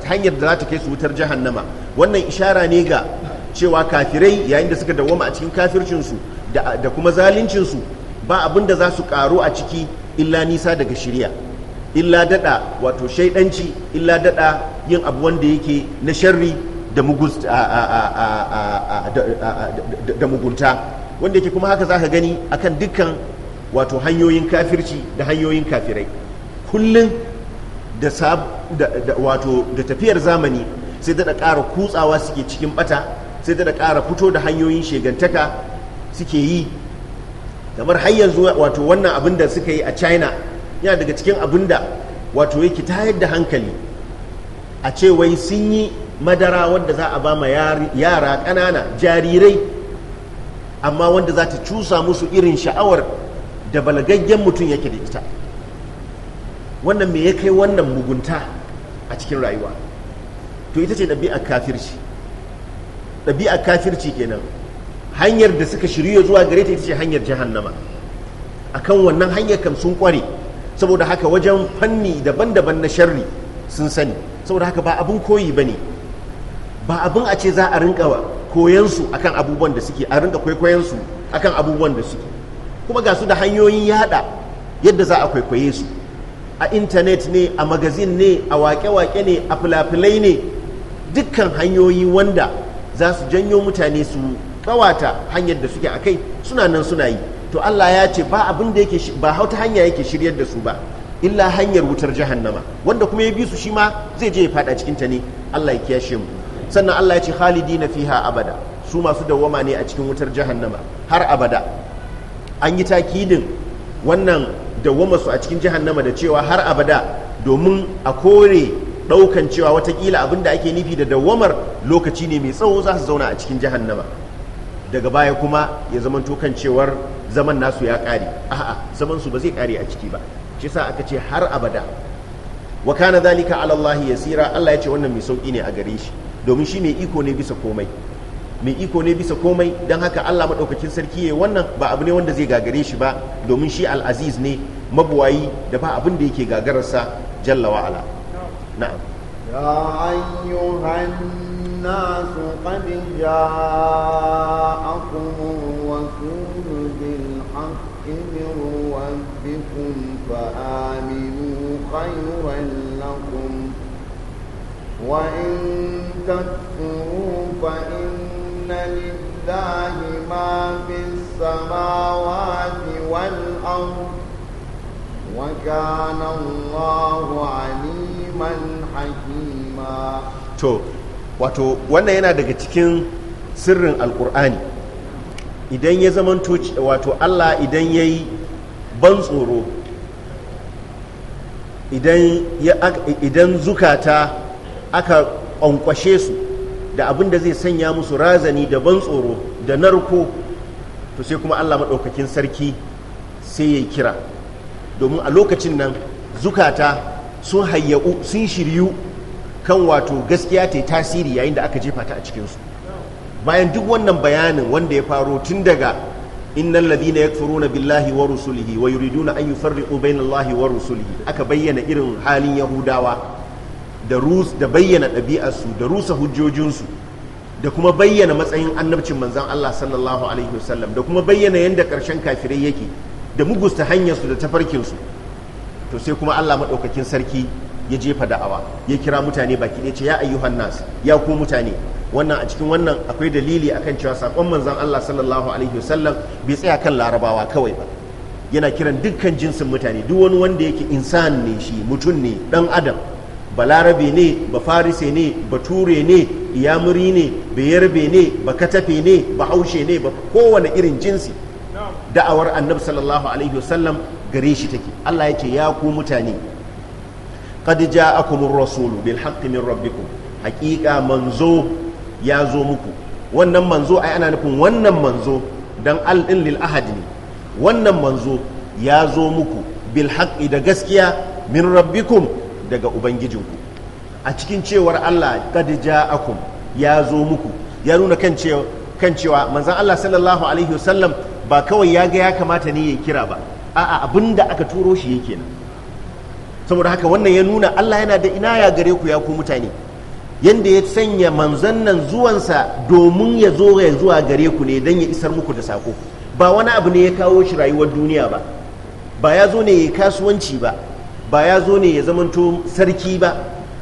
hanyar da za ta kai su wutar jahannama wannan ishara ne ga cewa kafirai yayin da suka dawwama a cikin kafircinsu da kuma zaluncinsu ba abin da za su karo a ciki illa nisa daga shirya illa dada wato shaidanci illa dada yin abu wanda yake na sharri da mugunta wanda yake kuma haka za ka gani akan dukkan wato hanyoyin kafirci da hanyoyin kafirai kullum da wato da tafiyar zamani sai daɗa ƙara kutsawa suke cikin ɓata sai da ƙara fito da hanyoyin shegantaka suke yi kamar har yanzu wato wannan abin da suka yi a china yana daga cikin abin da wato yake tayar da hankali a cewai wai sun yi madara wanda za a ba ma yara ƙanana jarirai amma wanda za ta cusa musu irin sha'awar da balagaggen mutum yake da ita wannan me ya kai wannan mugunta a cikin rayuwa to ita ce ɗabi'ar kafirci ɗabi'a kafirci kenan hanyar da suka shirya zuwa gare ta ita ce hanyar jahannama a kan wannan hanyar kan sun ƙware saboda haka wajen fanni daban-daban na sharri sun sani saboda haka ba abin koyi ba ne ba abin a ce za a rinka koyansu a kan abubuwan da suke a rinka a kan abubuwan da suke kuma ga su da hanyoyin yada yadda za a kwaikwaye su a intanet ne a magazin ne a wake-wake ne a filafilai ne dukkan hanyoyi wanda za su janyo mutane su kawata hanyar da suke a kai suna nan suna yi to Allah ya ce ba abin da yake ba hauta hanya yake shiryar da su ba illa hanyar wutar jahannama wanda kuma ya bi su shi ma zai je ya fada cikin ta ne Allah ya kiyashe mu sannan Allah ya ce khalidina fiha abada su masu dawwama ne a cikin wutar jahannama har abada an yi takidin wannan dawwama su a cikin jahannama da cewa har abada domin a kore Daukan cewa watakila abin da ake nufi da dawamar lokaci ne mai tsawo za su zauna a cikin jahannama daga baya kuma ya zamanto kan cewar zaman nasu ya kare, a'a zaman su ba zai kare a ciki ba shi sa aka ce har abada wa kana zalika ala Allah yasira Allah ya ce wannan mai sauki ne a gare shi domin shi mai iko ne bisa komai mai iko ne bisa komai don haka Allah maɗaukacin sarki ya wannan ba abu ne wanda zai gagare shi ba domin shi al'aziz ne mabuwayi da ba abin da yake gagararsa jalla wa'ala نعم يا أيها الناس قد جاءكم الرسول بالحق من ربكم فآمنوا خيرا لكم وإن تكفروا فإن لله ما في السماوات والأرض وكان wato wannan yana daga cikin sirrin alkur'ani idan ya zama wato allah idan ya yi ban tsoro idan zukata aka ƙwanƙwashe su da abin da zai sanya musu razani da ban tsoro da narko to sai kuma allah maɗaukakin sarki sai ya kira domin a lokacin nan zukata sun hayyau sun shiryu kan wato gaskiya ta tasiri yayin da aka jefa ta a cikinsu bayan duk wannan bayanin wanda ya faro tun daga innal ladina yakfuruna billahi wa rusulihi wa yuriduna an yufarriqu bainallahi wa rusulihi aka bayyana irin halin yahudawa da rus da bayyana ɗabi'arsu da rusa hujjojinsu da kuma bayyana matsayin annabcin manzon Allah sallallahu alaihi wasallam da kuma bayyana yadda ƙarshen kafirai yake da mugusta hanyarsu da tafarkinsu to sai kuma Allah maɗaukakin sarki ya jefa da'awa ya kira mutane baki ɗaya ce ya ayyuhan nas ya ku mutane wannan a cikin wannan akwai dalili akan cewa sakon manzon Allah sallallahu alaihi wasallam bai tsaya kan larabawa kawai ba yana kiran dukkan jinsin mutane duk wani wanda yake insan ne shi mutum ne dan adam ba Larabe ne ba Farise ne ba Ture ne iyamuri ne Yarbe ne ba Katafe ne ba Haushe ne ba kowane irin jinsi da'awar annabi sallallahu alaihi wasallam gare shi take Allah ya ce ya ku mutane qad ja'akumur rasulu bil haqqi min rabbikum haqiqa manzo ya zo muku wannan manzo ai ana nufin wannan manzo dan al din lil ahad ne wannan manzo ya zo muku bil haqqi da gaskiya min rabbikum daga ubangijinku a cikin cewar Allah qad ja'akum ya zo muku ya nuna kan cewa kan cewa manzon Allah sallallahu alaihi wasallam ba kawai ya ga ya kamata ne ya kira ba a'a abin da aka turo shi yake nan saboda haka wannan ya nuna Allah yana da ina ya gare ku ya ku mutane yanda ya sanya manzon nan zuwansa domin ya zo ya zuwa gare ku ne don ya isar muku da sako ba wani abu ne ya kawo shi rayuwar duniya ba ba ya zo ne ya kasuwanci ba ba ya zo ne ya zamanto sarki ba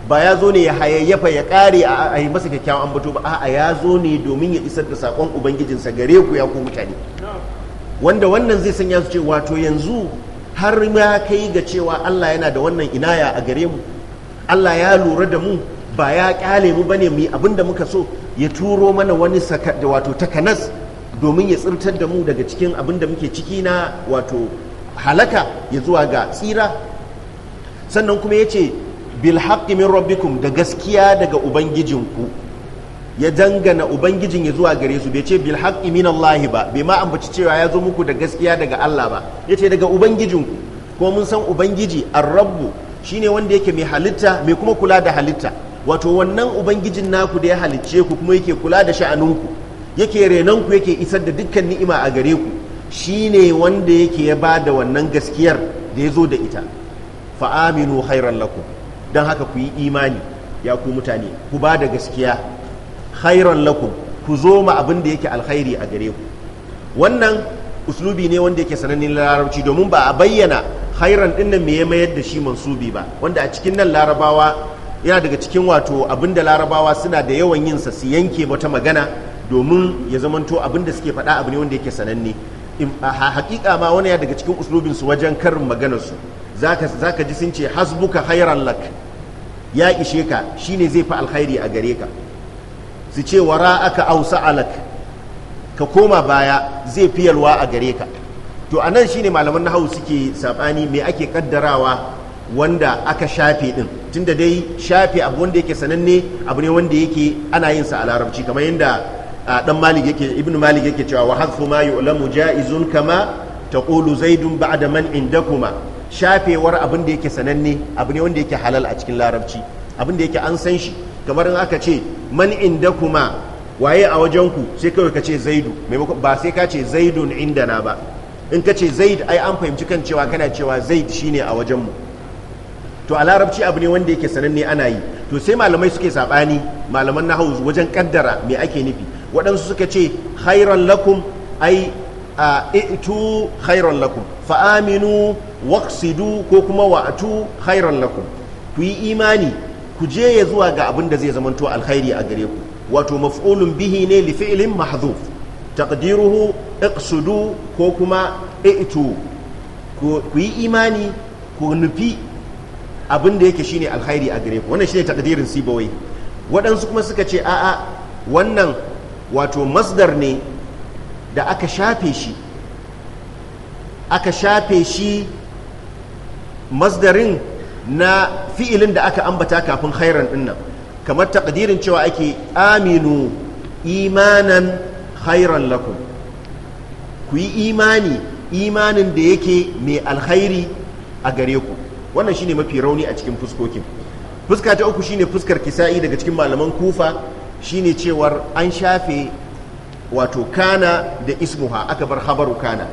ba ya zo ne ya hayayyafa ya kare a yi masa kyakkyawan ambato ba a'a ya zo ne domin ya isar da sakon ubangijinsa gare ku ya ku mutane wanda wannan zai sanya su ce wato yanzu har ma kai ga cewa Allah yana da wannan inaya a gare mu Allah ya lura da mu ba ya kyale mu bane mu yi abin da muka so ya turo mana wani wato takanas domin ya tsirtar da mu daga cikin abin da muke ciki na wato halaka ya zuwa ga tsira sannan kuma ya ce bil haqqi min rabbikum da gaskiya daga ubangijinku ya dangana ubangijin ya zuwa gare su bai ce bil haqqi min Allah ba bai ma ambaci cewa ya zo muku da gaskiya daga Allah ba yace daga ubangijin ku ko mun san ubangiji ar rabb shine wanda yake mai halitta mai kuma kula da halitta wato wannan ubangijin naku da ya halicce ku kuma yake kula da sha'anunku yake renon ku yake isar da dukkan ni'ima a gare ku shine wanda yake ya ba da wannan gaskiyar da ya zo da ita fa aminu khairan lakum dan haka ku yi imani ya ku mutane ku ba da gaskiya khairan lakum ku zo ma abin da yake alkhairi a gare ku wannan uslubi ne wanda yake sananin larabci domin ba a bayyana khairan din nan meye ya mayar da shi mansubi ba wanda a cikin nan larabawa yana daga cikin wato abin da larabawa suna da yawan yin sa su yanke wata magana domin ya zamanto abin da suke faɗa abu ne wanda yake sananne a haƙiƙa ma wani ya daga cikin uslubin su wajen karin maganar su zaka ji sun ce hasbuka khairan lak ya ishe ka shine zai fi alkhairi a gare ka su ce wara aka ausa alak ka koma baya zai fi yalwa a gare ka to anan shine malaman nahawu suke sabani me ake kaddarawa wanda aka shafe din tunda dai shafe abu wanda yake sananne abu ne wanda yake ana yin sa a larabci kamar yadda dan malik yake ibn malik yake cewa wa hadfu ma yu'lamu ja'izun kama taqulu zaidun ba'da man indakuma shafewar abin da yake sananne abu ne wanda yake halal a cikin larabci abin da yake an san shi kamar in aka ce man inda kuma waye a wajenku sai kawai ka ce zaidu ba sai ka ce zaidun na ba in ka ce zaid ai an fahimci kan cewa kana cewa zaid shine a wajenmu to a larabci abu ne wanda yake sananne ana yi to sai malamai suke sabani malaman na hauzu wajen kaddara me ake nufi waɗansu suka ce khairan lakum ai a itu khairan lakum fa aminu ko kuma wa'tu khairan lakum ku yi imani ku je ya zuwa ga abin da zai zamanto alkhairi a gare ku wato maf'ulun bihi ne li fi'lin mahdhuf taqdiruhu iqsudu ko kuma i'tu ku yi imani ku nufi abin da yake shine alkhairi a gare ku wannan shine taqdirin sibawai waɗansu kuma suka ce a'a wannan wato masdar ne da aka shafe shi aka shafe shi masdarin na fi'ilin da aka ambata kafin khairan dinnan kamar taƙadirin cewa ake aminu imanan khairan lakum ku yi imani imanin da yake mai alkhairi a gare ku wannan shine mafi rauni a cikin fuskokin fuska ta uku shine fuskar kisa'i daga cikin malaman kufa shine cewar an shafe wato kana da ismuha aka bar habaru kana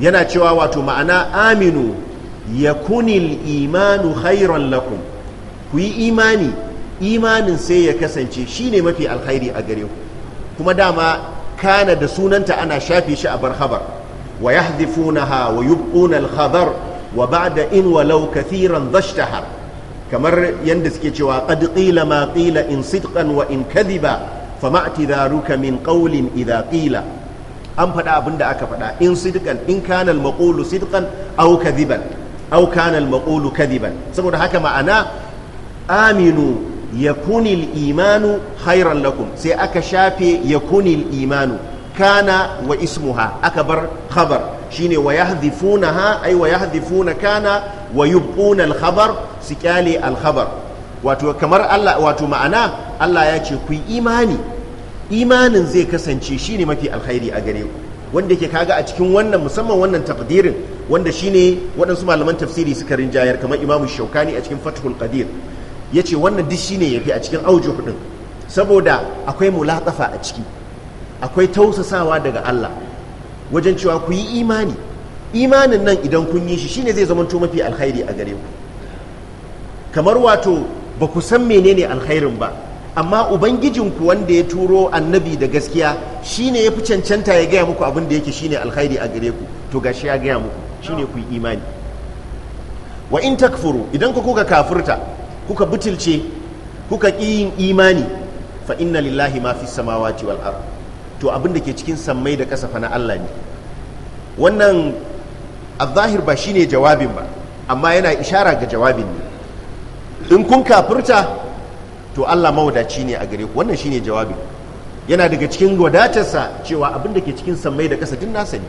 yana cewa wato ma'ana aminu yakunil imanu khairan lakum ku yi imani imanin sai ya kasance shine mafi alkhairi a gare ku kuma dama kana da sunanta ana shafe shi a bar khabar wa yahdhifunaha wa yubquna al wa ba'da in walau kathiran dhashtahar kamar yanda suke cewa qad qila ma qila in sidqan wa in kadhiba fama atidaruka min qawlin idha qila an faɗa abin da aka faɗa in sidqan in kana al-maqulu sidqan aw kadhiban aw kana al kadiban saboda haka ma'ana aminu yakunil imanu khairan lakum sai aka shafe yakunil imanu kana wa ismuha aka bar habar shine wa yahdhifunaha ay wa yahdhifuna kana wa yubquna al-khabar sikali al wato kamar Allah wato ma'ana Allah ya ce ku imani imanin zai kasance shine mafi alkhairi a gare ku wanda ke ka ga a cikin wannan musamman wannan takdirin wanda shine waɗansu malaman tafsiri suka rinjayar kamar imamu shaukani a cikin Fatihul qadir ya ce wannan duk shine ya fi a cikin aujo ɗin saboda akwai mulatsafa a ciki akwai tausasawa daga allah wajen cewa ku yi imani imanin nan idan kun yi shi shine zai zamanto mafi alkhairi a gare ku kamar wato ba ku san menene alkhairin ba amma ubangijinku wanda ya turo annabi da gaskiya shine ya fi cancanta ya gaya muku abin da yake shine alkhairi a gare ku to gashi ya gaya muku shine ku yi imani wa in takfuru idan ku kuka kafirta kuka butulce kuka ƙi yin imani fa inna lillahi ma fi samawati wal ard to abin da ke cikin sammai da kasafa na Allah ne wannan al-zahir ba shine jawabin ba amma yana ishara ga jawabin ne in kun kafirta to Allah mawadaci ne a gare ku wannan shine jawabin yana daga cikin wadatarsa cewa abin da ke cikin sammai da ƙasa din nasa ne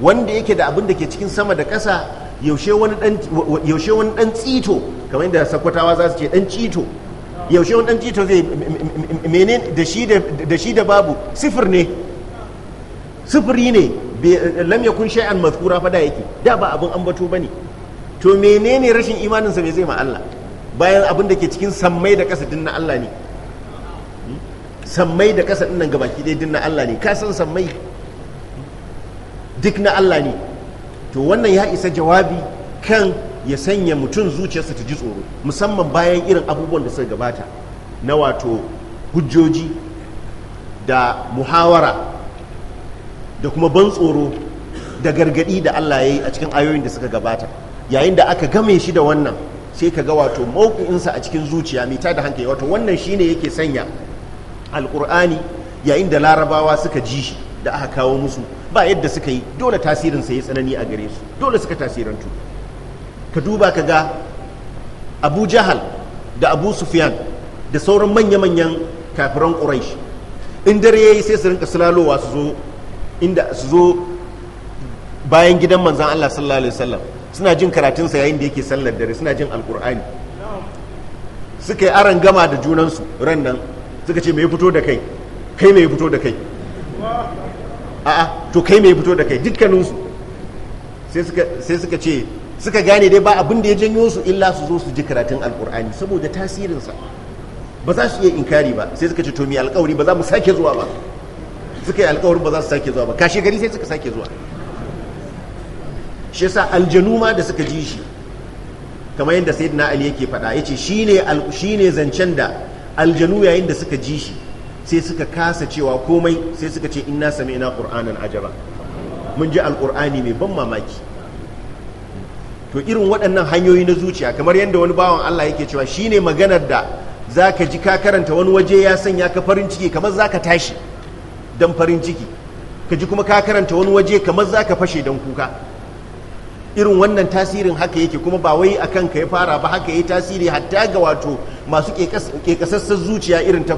wanda yake da abin da ke cikin sama da ƙasa yaushe wani dan tsito kamar yadda sakwatawa za su ce dan tsito. yaushe wani dan tsito zai mene da shi da babu sifir ne sifiri ne lam yakun shay'an mazkura fa da yake da ba abin ambato ne. to menene rashin imaninsa mai bai zai ma Allah bayan abin da ke cikin sammai da ƙasa din na Allah ne hmm? sammai da ƙasa din nan gabaki dai din na Allah ne ka san sammai duk na Allah ne to wannan ya isa jawabi kan ya sanya mutum zuciyarsa ta ji tsoro musamman bayan irin abubuwan da suka gabata na wato hujjoji da muhawara da kuma ban tsoro da gargadi da Allah ya yi a cikin ayoyin da suka gabata yayin da aka game shi da wannan sai ka ga wato mawuƙinsa a cikin zuciya mai da hankali wato wannan shi ne yake sanya alƙur'ani yayin da larabawa suka ji shi da aka kawo musu ba yadda suka yi dole tasirin sai ya tsanani a gare su dole suka tasirantu ka duba ka ga abu jahal da abu sufyan da sauran manya-manyan kafiran quraish in dare yayi sai su rinka sulalowa su zo inda su zo bayan gidan manzon Allah sallallahu alaihi wasallam suna jin karatunsa yayin da yake sallar dare suna jin alkur'ani suka yi aron gama da junansu ran nan suka ce mai fito da kai kai mai fito da kai a'a to kai mai fito da kai dukkaninsu sai suka ce suka gane dai ba abin da ya janyo su illa su zo su ji karatun alkur'ani saboda tasirinsa ba za su iya inkari ba sai suka ce to mai alkawari ba za mu sake zuwa ba suka yi alkawarin ba za su sake zuwa ba kashe gari sai suka sake zuwa shi yasa aljanu ma da suka ji shi kamar yadda sayyidina ali yake faɗa yace shine shine zancen da aljanu yayin da suka ji shi sai suka kasa cewa komai sai suka ce inna ina ƙur'anin ajaba mun ji alƙur'ani mai ban mamaki to irin waɗannan hanyoyi na zuciya kamar yadda wani bawan Allah yake cewa shi ne maganar da za ka ji ka karanta wani waje ya sanya ka farin ciki kamar za ka tashi don farin ciki ka ji kuma ka karanta wani waje kamar za ka fashe don kuka irin wannan tasirin haka yake kuma ba wai a kanka ya fara ba haka ya tasiri hatta ga wato masu kekasassar zuciya irin ta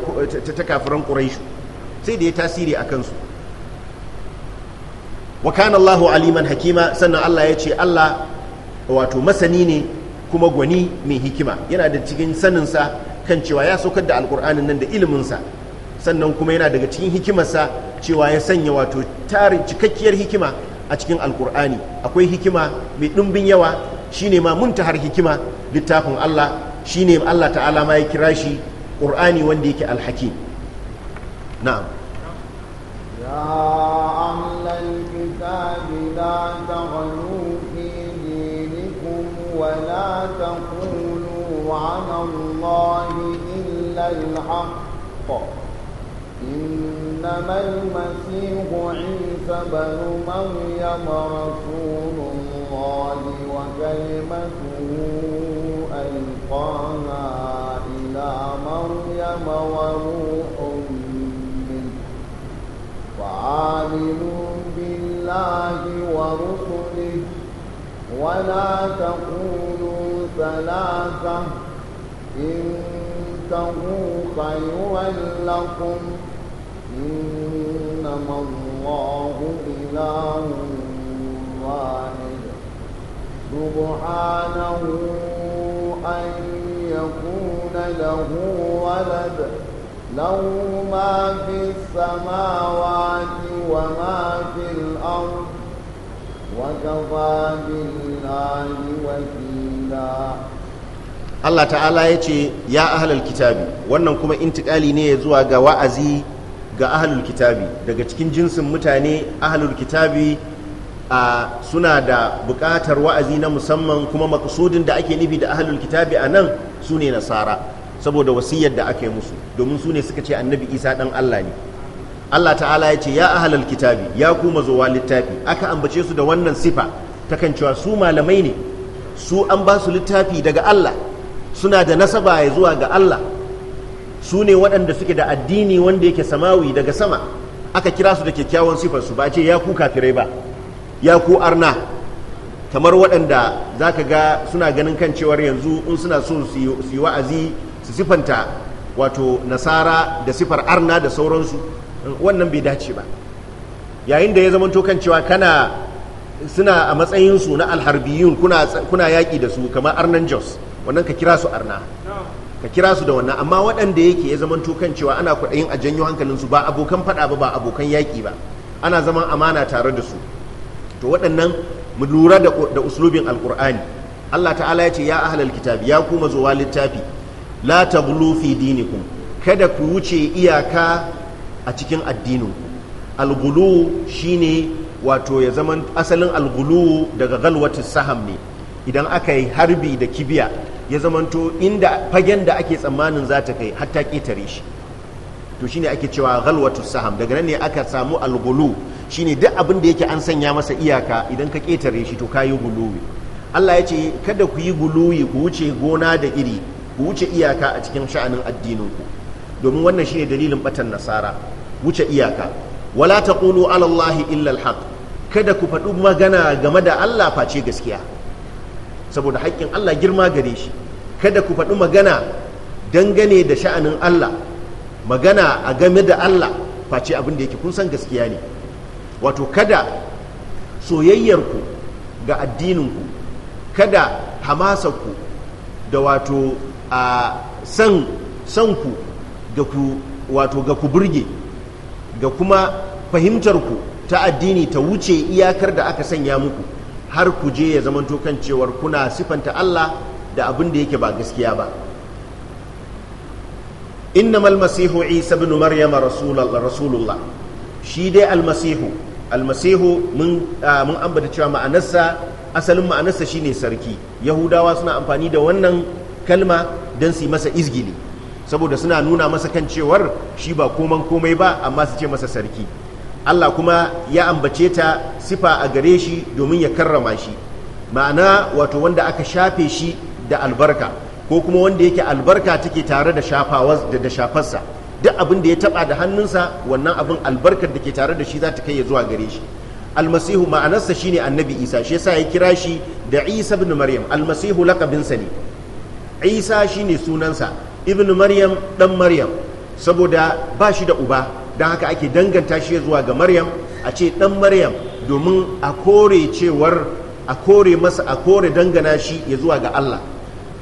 kafiran ƙuraishu sai da ya tasiri a kansu wa kana Allahu aliman hakima sannan Allah ya ce Allah wato masani ne kuma gwani mai hikima yana da cikin saninsa kan cewa ya saukar da alkur'anin nan da iliminsa sannan kuma yana daga cikin hikimarsa cewa ya sanya wato tarin cikakkiyar hikima a cikin alkur'ani akwai hikima mai ɗumbin yawa shine ma har hikima littafin Allah shine Allah ta'ala ma ya kira shi ƙur'ani wanda yake alhakim na'am ya amlal kitabi la taghlu fi dinikum wa la taqulu 'ala Allah illa al-haqq إنما المسيح عيسى بن مريم رسول الله وكلمته ألقاها إلى مريم وروح منه فآمنوا بالله ورسله ولا تقولوا ثلاثة إنه خيرا لكم إنما الله إله واحد سبحانه أن يكون له ولد له ما في السماوات وما في الأرض وكفى بالله وكيلا Allah ta'ala ya ce ya ahalar kitabi wannan kuma intikali ne ya zuwa ga wa'azi ga ahalul kitabi daga cikin jinsin mutane ahalul kitabi a suna da buƙatar wa'azi na musamman kuma maƙasudin da ake nufi da ahalul kitabi a nan su ne nasara saboda wasiyar da aka yi musu domin su ne suka ce annabi isa ɗan allah ne allah ta'ala ya ce ya ahalul kitabi ya kuma zuwa littafi aka ambace su da wannan sifa ta kan cewa su malamai ne su an ba su littafi daga allah suna da nasaba ya zuwa ga allah su ne waɗanda suke da addini wanda yake samawi daga sama aka kira su da kyakkyawan sifarsu ba ce ya ku kafirai ba ya ku arna kamar waɗanda za ka ga suna ganin kan cewar yanzu in suna so su yi wa'azi su sifanta wato nasara da sifar arna da sauransu wannan bai dace ba yayin da ya zama to kan cewa kana suna a matsayinsu na alharbiyun kuna yaƙi da su kamar arnan jos wannan ka kira su arna ka kira su da wannan amma waɗanda yake ya zaman kan cewa ana kwaɗayin a janyo hankalinsu ba abokan faɗa ba ba abokan yaƙi ba ana zaman amana tare da su to waɗannan mu lura da uslubin alƙur'ani Allah ta'ala ya ce ya ahlal kitabi ya kuma zuwa littafi la tablu fi dinikum kada ku wuce iyaka a cikin addininku alghulu shine wato ya zaman asalin alghulu daga galwatu saham ne idan aka yi harbi da kibiya ya zamanto inda fagen da ake tsammanin za ta kai hatta ƙetare shi to shine ake cewa ghalwatu saham daga nan ne aka samu algulu shine duk abin da yake an sanya masa iyaka idan ka ƙetare shi to kayi yi guluwi Allah ya ce kada ku yi guluwi ku wuce gona da iri ku wuce iyaka a cikin sha'anin addininku domin wannan shine dalilin batan nasara wuce iyaka wala taqulu ala allahi illa alhaq kada ku faɗi magana game da Allah face gaskiya saboda haƙƙin Allah girma gare shi kada ku faɗi magana dangane da sha'anin Allah magana a game da Allah face abin da yake kun san gaskiya ne wato kada soyayyarku ga addininku kada hamasarku da wato a san sanku ga ku wato ga ku burge ga kuma fahimtarku ta addini ta wuce iyakar da aka sanya muku har ku je ya zamanto kan cewar kuna sifanta Allah da abin da yake ba gaskiya ba innamal masihu isa bin maryam rasulullah shi dai almasihu almasihu mun mun ambata cewa ma'anarsa asalin ma'anarsa shine sarki yahudawa suna amfani da wannan kalma don su yi masa izgili saboda suna nuna masa kan cewar shi ba koman komai ba amma su ce masa sarki Allah kuma ya ambace ta sifa a gare shi domin ya karrama shi ma'ana wato wanda aka shafe shi da albarka ko kuma wanda yake albarka take tare da shafawas da da shafarsa duk abin da ya taba da hannunsa wannan abin albarkar da ke tare da shi za ta kai ya zuwa gare shi almasihu ma'anarsa shine annabi isa shi yasa ya kira shi da isa ibn maryam almasihu lakabinsa ne isa shine sunansa ibn maryam dan maryam saboda ba shi da uba don haka ake danganta shi zuwa ga maryam a ce dan maryam domin a kore cewar a kore masa a kore dangana shi ya zuwa ga allah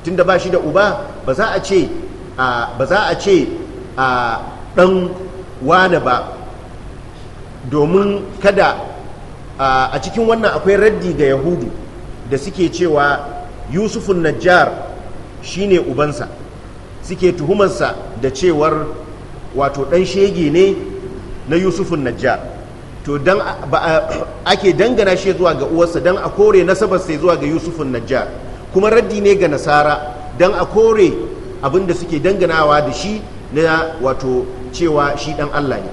tunda ba shi da uba ba za a ce ba za a ce a dan wane ba domin kada a cikin wannan akwai raddi ga yahudu da suke cewa yusufun najjar shine ubansa suke tuhumarsa da cewar wato ɗan shege ne na yusufun najjar to dan ake dangana shi zuwa ga uwarsa dan a kore nasabar sai zuwa ga yusufun najjar kuma raddi ne ga nasara dan a kore abin da suke danganawa da shi na wato cewa shi dan Allah ne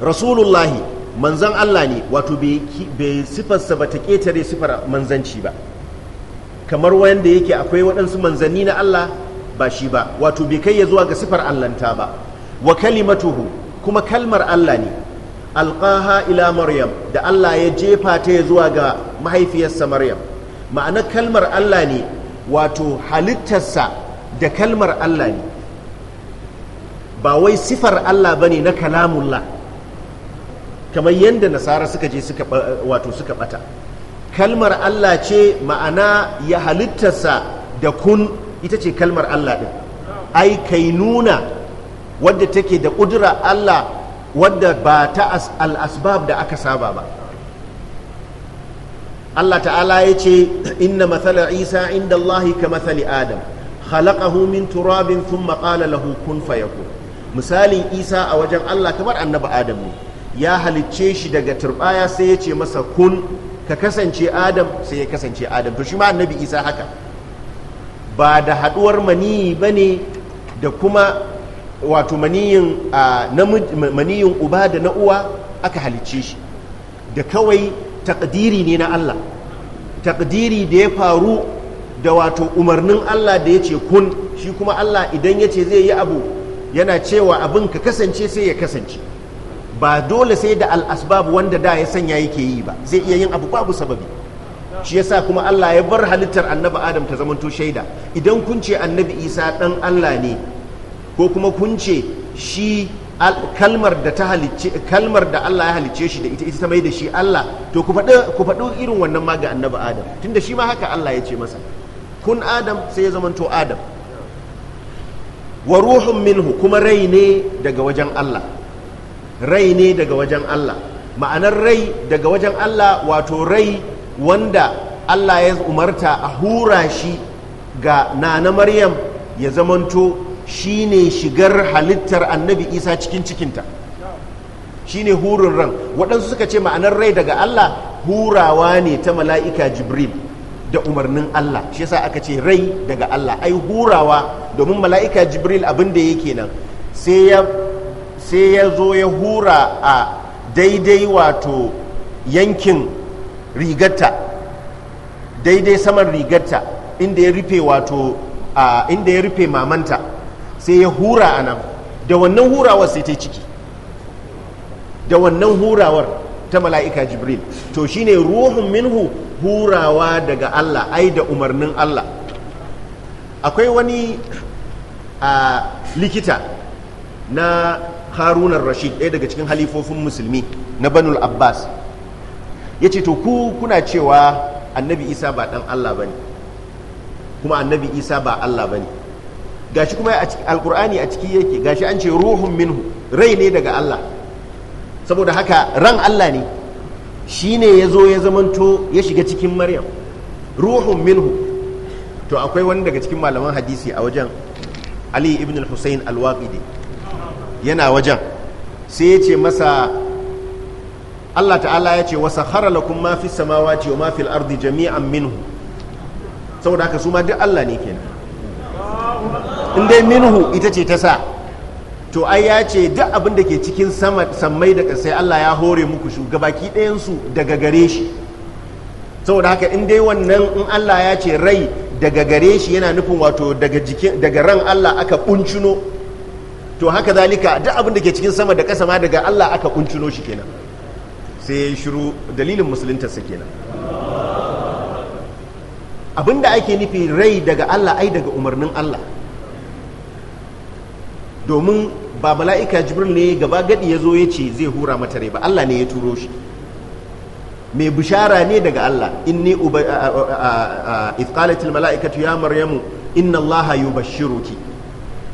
rasulullahi manzan Allah ne wato bai sifarsa ba ta ƙetare sifar manzanci ba kamar wanda yake akwai waɗansu manzanni na Allah ba shi ba wato bai kai ya zuwa ga sifar allanta ba wa kalimatuhu kuma kalmar Allah ne alƙaha ila maryam da Allah ya jefa ta zuwa ga mahaifiyarsa maryam ma'ana kalmar Allah ne wato halittarsa da kalmar Allah ne ba wai sifar Allah ba ne na kalamullah kamar yadda nasara suka je wato suka bata kalmar Allah ce ma'ana ya halittarsa da kun ita ce kalmar Allah ɗin ai kai nuna wadda take da ƙudura Allah wadda ba ta al'asbab da aka saba ba Allah ta'ala ya ce inna matsala isa inda Allah ka matsali adam khalaqahu min turabin sun maƙala lahu kun fayaku misalin isa a wajen Allah kamar annabi adam ya halicce shi daga turbaya sai ya ce masa kun ka kasance adam sai ya kasance adam to shi ma annabi isa haka ba da haɗuwar mani bane da kuma wato maniyin uba da na uwa aka halicce shi da kawai takdiri ne na Allah takdiri da ya faru da wato umarnin Allah da ya ce kun shi kuma Allah idan ya ce zai yi abu yana cewa abin ka kasance sai ya kasance ba dole sai da al'asbab wanda da ya sanya yake yi ba zai iya yin abu babu sababi shi yasa kuma Allah ya bar halittar annabi Adam ta zamanto shaida idan kun ce annabi Isa dan Allah ne ko kuma kun ce shi kalmar da ta halicce kalmar da Allah ya halicce shi da ita ita ta mai da shi Allah to ku faɗi ku faɗi irin wannan ma ga annabi Adam tunda shi ma haka Allah ya ce masa kun Adam sai ya zamanto Adam wa ruhun minhu kuma rai ne daga wajen Allah rai ne daga wajen Allah ma'anar rai daga wajen Allah wato rai wanda Allah ya umarta a hura shi ga nana Maryam ya zamanto shine shigar halittar annabi isa cikin cikinta shine hurin ran waɗansu suka ce ma'anar rai daga allah hurawa ne ta mala'ika jibril da umarnin allah shi yasa aka ce rai daga allah ai hurawa domin mala'ika jibril abin da yake nan sai ya zo ya hura a daidai wato yankin rigarta daidai saman rigarta inda ya rufe wato inda ya rufe mamanta sai ya hura a nan da wannan hurawar sai ta ciki da wannan hurawar ta mala'ika jibril to shine ruhun minhu hurawa daga allah ai da umarnin allah akwai wani a likita na harunan rashid ɗaya daga cikin halifofin musulmi na banul abbas ya ce to ku kuna cewa annabi isa ba ɗan allah ba ne kuma annabi isa ba allah ba ne gashi kuma alkur'ani a ciki yake gashi an ce ruhun minhu rai ne daga Allah saboda haka ran Allah ne shi ne ya zo ya zamanto ya shiga cikin maryam ruhun minhu to akwai wani daga cikin malaman hadisi a wajen ali ibn al-husayn al-waqidi yana wajen sai ya ce masa Allah ta'ala ya ce wasa lakum ma fi samawati wa ma fil ardi jami'an minhu saboda haka su ma duk Allah ne kenan in dai minhu ita ce ta sa to ai ya ce duk abin da ke cikin sammai da sai Allah ya hore muku shugabaki ɗayansu daga gare shi saboda haka in dai wannan in Allah ya ce rai daga gare shi yana nufin wato daga ran Allah aka kuncino to haka zalika duk abin da ke cikin sama da kasa ma daga Allah aka kuncino shi kenan sai ya shiru dalilin musuluntarsa kenan abin da ake nufi rai daga Allah ai daga umarnin Allah domin ba mala'ika jibril ne gaba gadi ya zo ya ce zai hura mata rai ba allah ne ya turo shi mai bishara ne daga allah inni ifqalatil mala'ikatu ya maryamu inna allah yubashshiruki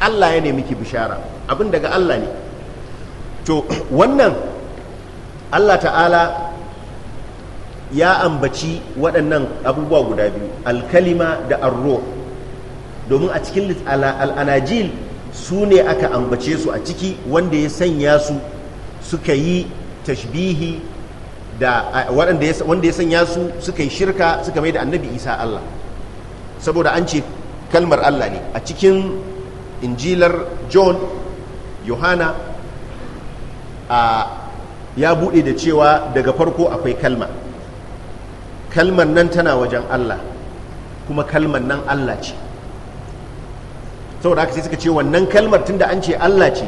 allah ya ne miki bishara abin daga allah ne to wannan allah ta'ala ya ambaci waɗannan abubuwa guda biyu alkalima da arro domin a cikin al'anajil su ne aka ambace su a ciki wanda ya sanya su suka yi tashbihi da wanda ya sanya su suka yi shirka suka mai da annabi isa Allah saboda an ce kalmar Allah ne a cikin injilar john yohana ya buɗe da cewa daga farko akwai kalma kalmar nan tana wajen Allah kuma kalmar nan Allah ce saboda haka sai suka ce wannan kalmar tunda an ce Allah ce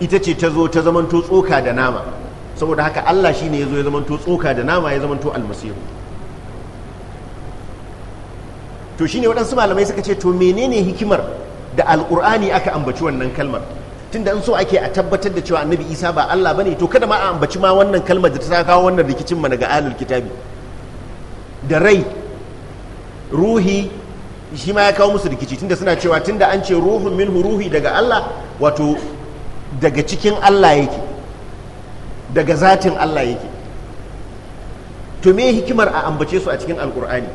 ita ce ta zo ta to tsoka da nama saboda haka Allah shi ne ya zo ya to tsoka da nama ya to almasihu to shi ne waɗansu malamai suka ce to menene hikimar da Alƙur'ani aka ambaci wannan kalmar tunda an so ake a tabbatar da cewa annabi isa ba allah ba ne to kada ma a ambaci ma wannan kalmar da ta kawo wannan rikicin mana ga alul kitabi da rai ruhi shi ma ya kawo musu rikici tunda suna cewa tunda an ce ruhun min ruhi daga Allah wato daga cikin Allah yake daga zatin Allah yake to me hikimar a ambace su a cikin alkur'ani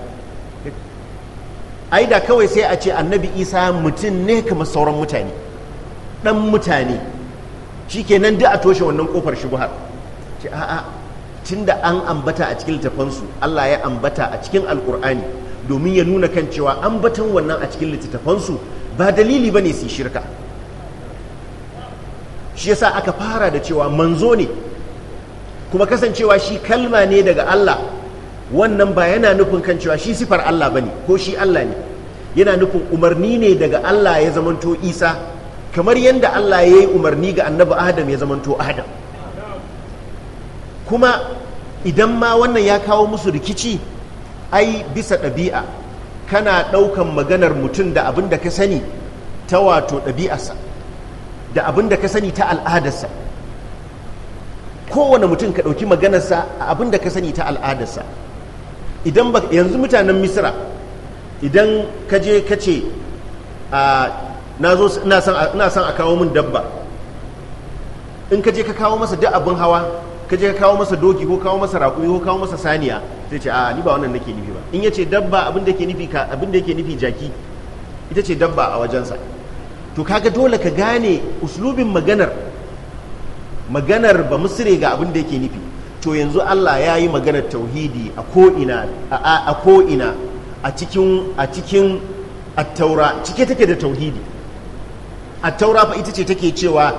aida da kawai sai a ce annabi isa mutum ne kamar sauran mutane dan mutane shikenan duk a toshe wannan kofar shubuhar ce a'a tunda an ambata a cikin littafansu Allah ya ambata a cikin alkur'ani domin ya nuna kan cewa an batan wannan a cikin littattafansu ba dalili ba ne su shirka shi yasa aka fara da cewa manzo ne kuma kasancewa shi kalma ne daga Allah wannan ba yana nufin kan cewa shi sifar Allah ba ne ko shi Allah ne yana nufin umarni ne daga Allah ya zamanto Isa kamar yadda Allah ya yi umarni ga annabi Adam ya zamanto Adam kuma idan ma wannan ya kawo musu rikici ai bisa ɗabi'a kana ɗaukan maganar mutum da abin da ka sani ta wato ɗabi'arsa da abin da ka sani ta al'adarsa kowane mutum ka ɗauki maganarsa a abin da ka sani ta al'adarsa idan ba yanzu mutanen Misira, idan ka je ka ce ina son a kawo min dabba in ka je ka kawo masa duk abin hawa ka je ka kawo masa doki ko kawo masa raƙumi ko kawo masa saniya ita ce a ni ba wannan nake nufi ba in ce dabba abin da yake nufi ka abin da yake nufi jaki ita ce dabba a wajensa to kaga dole ka gane uslubin maganar maganar ba musire ga abin da yake nufi to yanzu Allah ya yi maganar tauhidi a ko'ina a ko'ina a cikin a cikin cike take da tauhidi attaura fa ita ce take cewa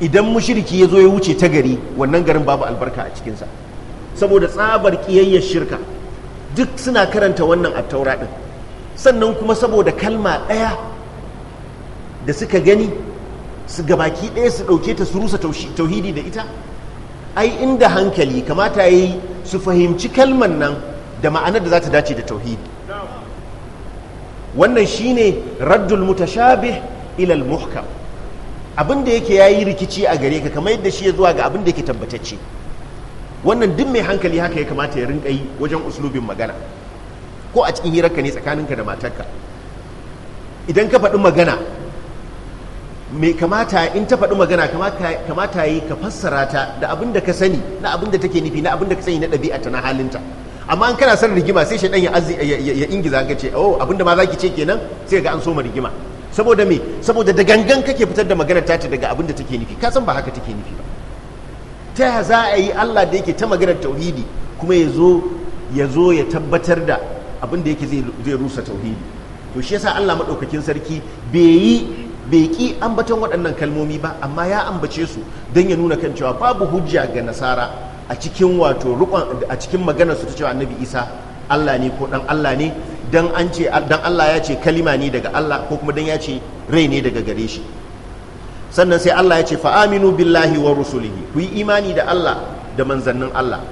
idan mushriki ya zo ya wuce ta gari wannan garin babu albarka a cikinsa saboda tsabar kiyayyar shirka duk suna karanta wannan attaura ɗin sannan kuma saboda kalma ɗaya da suka gani su gabaki ɗaya su ɗauke ta su rusa tauhidi da ita ai inda hankali kamata ya yi su fahimci kalman nan da ma'anar da za ta dace da tauhidi wannan shine raddul mutashabih ilal muhkam abin da yake ya yi rikici a gare ka kamar yadda shi ya zuwa ga abin da yake tabbatacce wannan duk mai hankali haka ya kamata ya rinka yi wajen uslubin magana ko a cikin hirarka ne tsakaninka da matarka idan ka faɗi magana mai kamata in ta faɗi magana kamata yi ka fassara ta da abin da ka sani na abin da take nufi na abin da ka sani na ɗabi'ata na halinta amma an kana san rigima sai shaidan ya ya ingiza ka ce oh abin da ma zaki ce kenan sai ga an soma rigima saboda me saboda da gangan kake fitar da magana ta daga abin da take nufi ka san ba haka take nufi ba ta za a yi Allah da yake ta maganar tauhidi kuma ya zo ya zo ya tabbatar da abin da yake zai rusa tauhidi to shi yasa Allah maɗaukakin sarki bai yi bai ki ambaton waɗannan kalmomi ba amma ya ambace su don ya nuna kan cewa babu hujja ga nasara a cikin wato rukon a cikin maganar su ta cewa annabi isa Allah ne ko dan Allah ne dan an ce dan Allah ya ce kalima ne daga Allah ko kuma dan ya ce rai ne daga gare shi sannan sai Allah ya ce fa aminu billahi wa rusulihi ku yi imani da Allah da manzannin Allah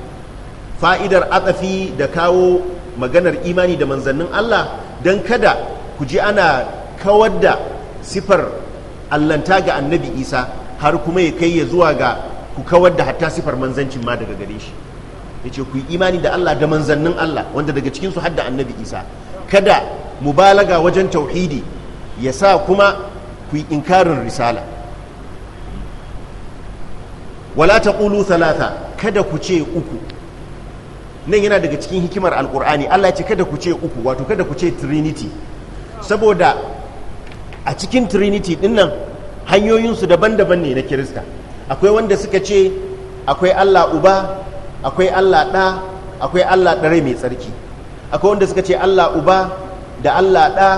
fa'idar atsafi da kawo maganar imani da manzannin Allah don kada ku ji ana kawar da sifar allanta ga annabi isa har kuma ya kai ya zuwa ga ku kawar da hatta sifar manzancin ma daga gare shi ya ce ku yi imani da Allah da manzannin Allah wanda daga cikinsu hadda annabi isa kada mubalaga wajen tauhidi ya sa kuma ku yi inkarin risala wala ta ƙulu thalatha kada ku ce uku nan yana daga cikin hikimar Alƙur'ani, Allah ce kada ku ce uku wato kada ku ce trinity saboda a cikin trinity dinnan hanyoyinsu daban-daban ne na kirista akwai wanda suka ce akwai Allah uba akwai Allah ɗa akwai Allah ɗare mai tsarki akwai wanda suka ce Allah uba da Allah ɗa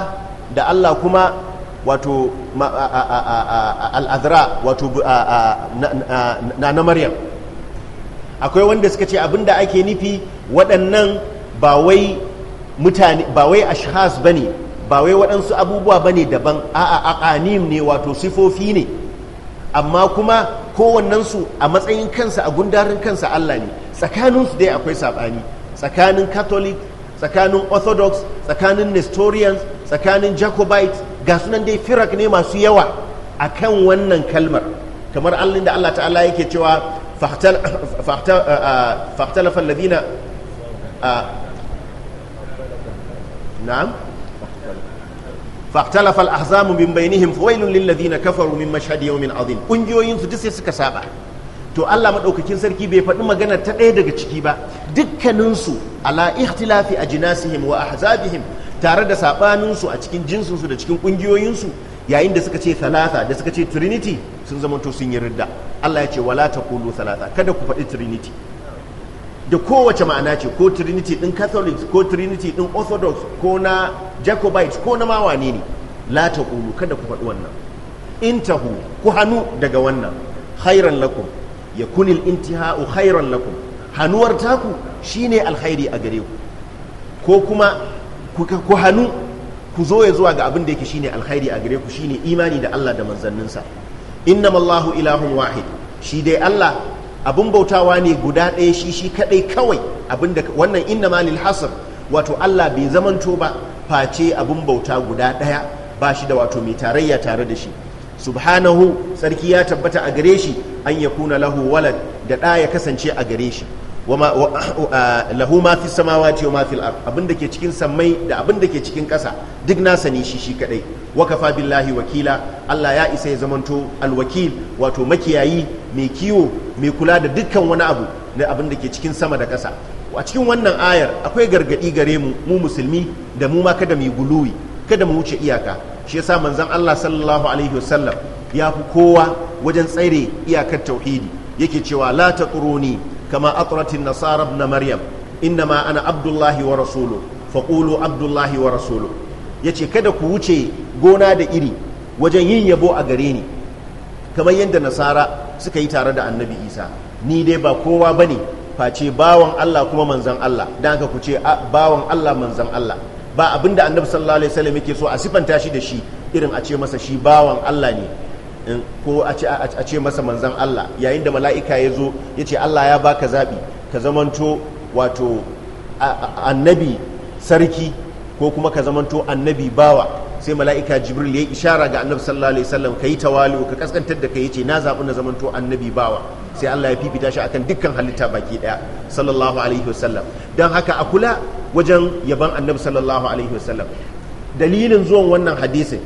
da Allah kuma wato al’adara wato na na maryam akwai wanda suka ce abinda ake nufi waɗannan bawai mutane bawai ashhas bane bawai waɗansu abubuwa bane daban a'a aqanim ne wato sifofi ne amma kuma kowannensu a matsayin kansa a gundarin kansa Allah ne tsakaninsu dai akwai saɓani tsakanin catholic tsakanin orthodox tsakanin nestorians tsakanin jacobites ga sunan dai firak ne masu yawa akan wannan kalmar kamar allin da Allah ta'ala yake cewa uh, uh, fahtalafa alladhina uh, na'am fahtalafa al-ahzamu min bainihim saba to Allah maɗaukacin sarki bai faɗi maganar ta ɗaya daga ciki ba dukkaninsu ala ikhtilafi ajnasihim wa tare da saɓaninsu a cikin jinsinsu da cikin ƙungiyoyinsu yayin da suka ce thalatha da suka ce trinity sun zama to sun yi ridda Allah ya ce wala kulu thalatha kada ku faɗi trinity da kowace ma'ana ce ko trinity ɗin catholic ko trinity ɗin orthodox ko na jacobites ko na mawane ne la kulu kada ku faɗi wannan intahu ku hannu daga wannan khairan lakum yakun al-intiha'u khairan lakum hanuwar taku shine alkhairi a gare ku ko kuma ku hannu ku zo ya zuwa ga abin da yake shine alkhairi a gare ku shine imani da Allah da manzanninsa innamallahu ilahun wahid shi dai Allah abin bautawa ne guda ɗaya shi shi kaɗai kawai abin da wannan Inna lil hasr wato Allah bai zamanto ba face abin bauta guda ɗaya ba shi da wato mai tarayya tare da shi subhanahu sarki ya tabbata a gare shi an yakuna lahu walad da ɗa ya kasance a gare shi Ah, lahu ma fi samawati wa ma fil abin abinda ke cikin sammai da abinda ke cikin ƙasa duk nasa ne shi shi kadai wa billahi wakila Allah ya isa ya zamanto alwakil wato makiyayi mai kiwo mai kula da dukkan wani abu na abinda ke cikin sama da ƙasa a cikin wannan ayar akwai gargaɗi gare mu mu musulmi da mu ma kada mu guluwi kada mu wuce iyaka shi yasa manzon Allah sallallahu alaihi wasallam ya fi kowa wajen tsare iyakar tauhidi yake cewa la taquruni كما أطرت النصارى ابن مريم إنما أنا عبد الله ورسوله فقولوا عبد الله ورسوله yace kada ku wuce gona da iri wajen yin yabo a gare ni kamar yadda nasara suka yi tare da annabi isa ni dai ba kowa ba ne face bawan allah kuma manzan allah da haka ku ce bawan allah manzan allah ba abinda annabi sallallahu alaihi wasallam yake so a sifanta shi da shi irin a ce masa shi bawan allah ne ko a ce masa manzan Allah yayin da mala'ika ya zo ya ce Allah ya baka zaɓi ka zamanto wato annabi sarki ko kuma ka zamanto annabi bawa sai mala'ika jibril ya yi ishara ga annabi sallallahu alaihi wasallam ka yi tawali'u ka kaskantar da ka yi ce na zaɓi na zamanto annabi bawa sai Allah ya fifita shi akan dukkan halitta baki ɗaya sallallahu alaihi wasallam don haka a kula wajen yaban annabi sallallahu alaihi wasallam dalilin zuwan wannan hadisin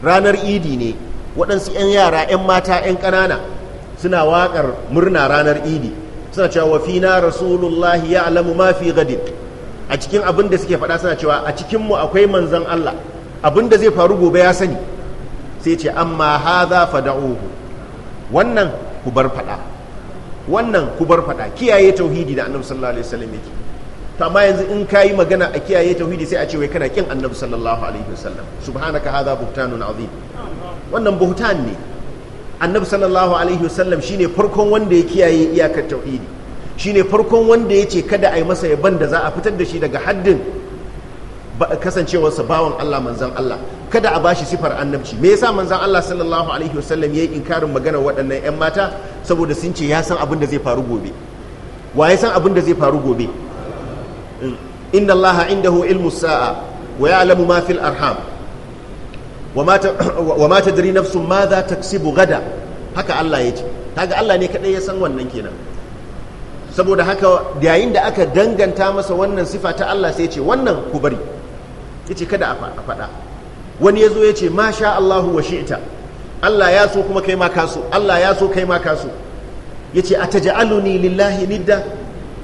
ranar idi ne waɗansu 'yan yara 'yan mata 'yan ƙanana suna waƙar murna ranar idi suna cewa fina rasulullahi ya alamu ma fi a cikin abin da suke faɗa suna cewa a cikinmu akwai manzan Allah abin da zai faru gobe ya sani sai ce amma haza fada'uhu wannan wannan ku bar faɗa kiyaye tauhidi da annabi sallallahu alaihi wasallam yake to amma yanzu in ka yi magana a kiyaye tauhidi sai a ce wai kana kin annabi sallallahu alaihi wasallam subhanaka hadha buhtanun azim wannan buhtan ne annabi sallallahu alaihi wasallam shine farkon wanda ya kiyaye iyakar tauhidi shine farkon wanda ya ce kada a yi masa yaban da za a fitar da shi daga haddin kasancewarsa bawan Allah manzon Allah kada a bashi sifar annabci me yasa manzon Allah sallallahu alaihi wasallam yayi inkarin magana waɗannan 'yan mata saboda sun ce ya san abin da zai faru gobe wa ya san abin da zai faru gobe inna inda ho ilmu sa'a wa ya'lamu ma fil arham wa ma tadri nafsun ma za taksibu gada haka Allah ya ce kaga Allah ne kadai ya san wannan kenan saboda haka yayin da aka danganta masa wannan sifa ta Allah sai ce wannan ku bari yace kada a faɗa wani ya zo ya ce masha Allahu wa shi'ta Allah ya so kuma kai ma kaso Allah ya so kai ma kaso yace ataj'aluni lillahi nidda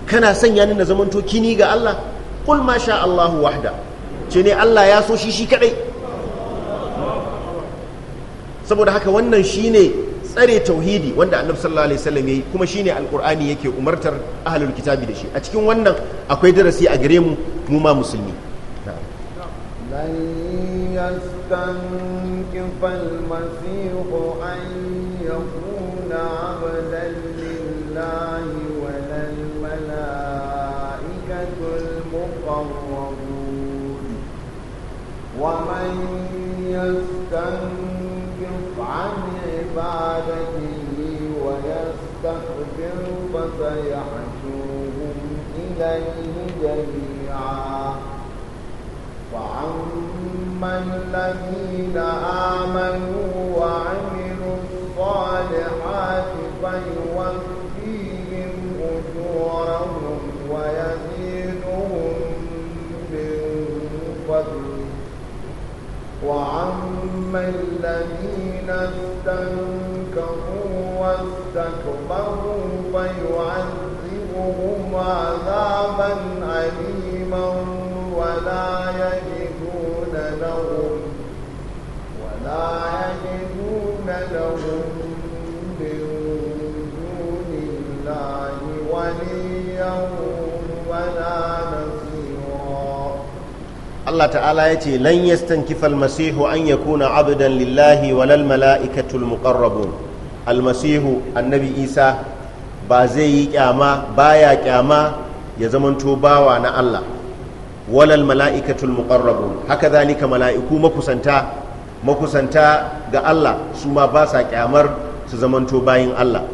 kana sanya ni na zamanto kini ga Allah kul ma sha Allahu wahda ce ne Allah ya so shi shi kadai saboda haka wannan shine tsare tauhidi wanda annabi sallallahu alaihi wasallam yayi kuma shine alqur'ani yake umartar ahlul kitabi da shi a cikin wannan akwai darasi a gare mu mu ma musulmi يستنكف عن عبادته ويستخبر فسيحشوهم إليه جميعا وأما الذين آمنوا وعملوا الصالحات فيوفي وعم الذين استنكروا واستكبروا فيعذبهم عذابا أليما ولا يجدون لهم ولا يجدون لهم من دون الله وليا Allah ta'ala ya ce lan yastankifa almasihu an yakuna abdan lillahi walal mala'ikatul muqarrabun almasihu annabi isa ba zai yi kyama baya kyama ya zamanto bawa na Allah walal mala'ikatul muqarrabun haka zalika mala'iku makusanta makusanta ga Allah suma ma ba sa kyamar su zamanto bayin Allah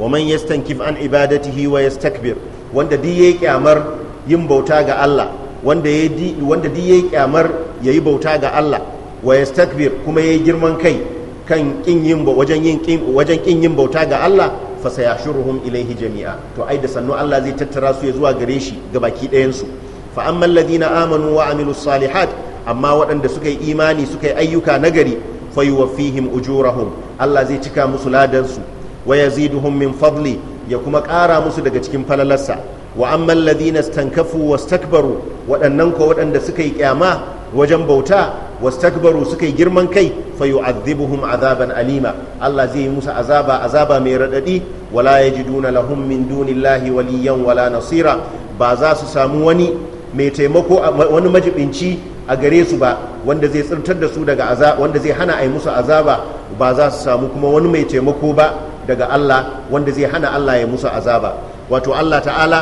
wa man yastankif an ibadatihi wa yastakbir wanda duk yayi kyamar yin bauta ga Allah wanda ya di wanda di yayi kyamar yayi bauta ga Allah wa yastakbir kuma yayi girman kai kan kin yin wajen yin kin wajen kin yin bauta ga Allah fa sayashuruhum ilaihi jami'a to ai da sannu Allah zai tattara su ya zuwa gare shi ga baki ɗayan su fa amma alladhina amanu wa amilus salihat amma waɗanda suka yi imani suka yi ayyuka nagari fa yuwaffihim ujurahum Allah zai cika musu ladan su wa yaziduhum min fadli ya kuma ƙara musu daga cikin falalarsa wa amman ladina stankafu waɗannan ko waɗanda suka yi kyama wajen bauta wastakbaru suka yi girman kai fa yu'adhibuhum azaban alima Allah zai yi musu azaba azaba mai raɗaɗi wala duna lahun min dunillahi waliyan wala nasira ba za su samu wani mai taimako wani majibinci a gare su ba wanda zai tsirtar da su daga azaba wanda zai hana yi musu azaba ba za su samu kuma wani mai taimako ba daga Allah wanda zai hana Allah ya musu azaba wato Allah ta'ala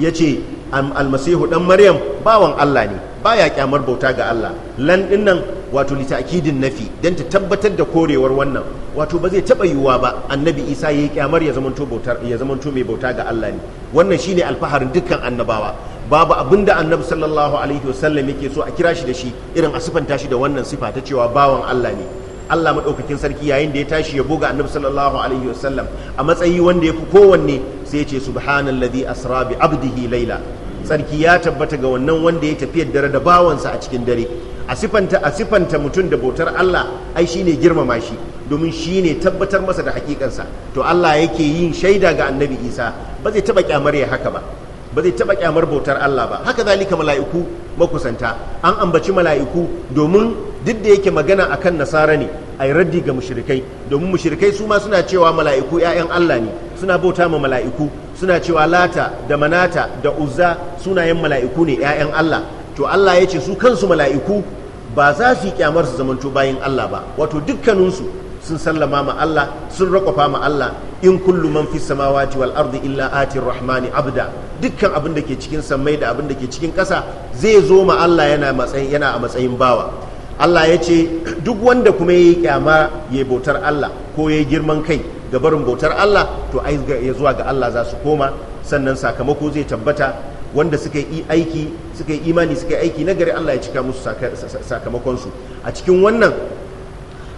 ya ce almasihu dan maryam bawan Allah ne baya kyamar bauta ga Allah lan dinnan wato li nafi dan ta tabbatar da korewar wannan wato ba zai taba yiwuwa ba annabi Isa yayi kyamar ya zamanto bautar ya zamanto mai bauta ga Allah ne wannan shine alfaharin dukkan annabawa babu abin da annabi sallallahu alaihi wasallam yake so a kira shi da shi irin a sifanta shi da wannan sifa ta cewa bawan Allah ne Allah madaukakin sarki yayin da ya tashi ya buga annabi sallallahu alaihi wasallam a matsayi wanda ya fi kowanne sai ya ce subhanallazi asra bi abdihi laila sarki ya tabbata ga wannan wanda ya tafi dare da bawansa a cikin dare a sifanta a sifanta mutum da bautar Allah ai shine girmama shi domin shine tabbatar masa da hakikansa to Allah yake yin shaida ga annabi Isa ba zai taba kyamar haka ba ba zai taɓa kyamar bautar Allah ba haka zalika mala'iku makusanta an ambaci mala'iku domin duk da yake magana akan nasara ne ai raddi ga mushrikai domin mushrikai su ma suna cewa mala'iku 'ya'yan Allah ne suna bauta ma mala'iku suna cewa lata da manata da uzza sunayen mala'iku ne 'ya'yan Allah to Allah ya ce su kansu mala'iku ba za su yi kyamar su zamanto bayan Allah ba wato dukkaninsu sun sallama ma Allah sun rakofa ma Allah in kullu man fi samawati wal ardi illa atir rahmani abda dukkan abin da ke cikin sammai da abin da ke cikin ƙasa zai zo ma Allah yana matsayin yana a matsayin bawa Allah ya ce duk wanda kuma yayi kyama yayi bautar Allah ko yayi girman kai ga barin bautar Allah to ai ya zuwa ga Allah za su koma sannan sakamako zai tabbata wanda suka yi aiki suka yi imani suka yi aiki na gari Allah ya cika musu sakamakonsu a cikin wannan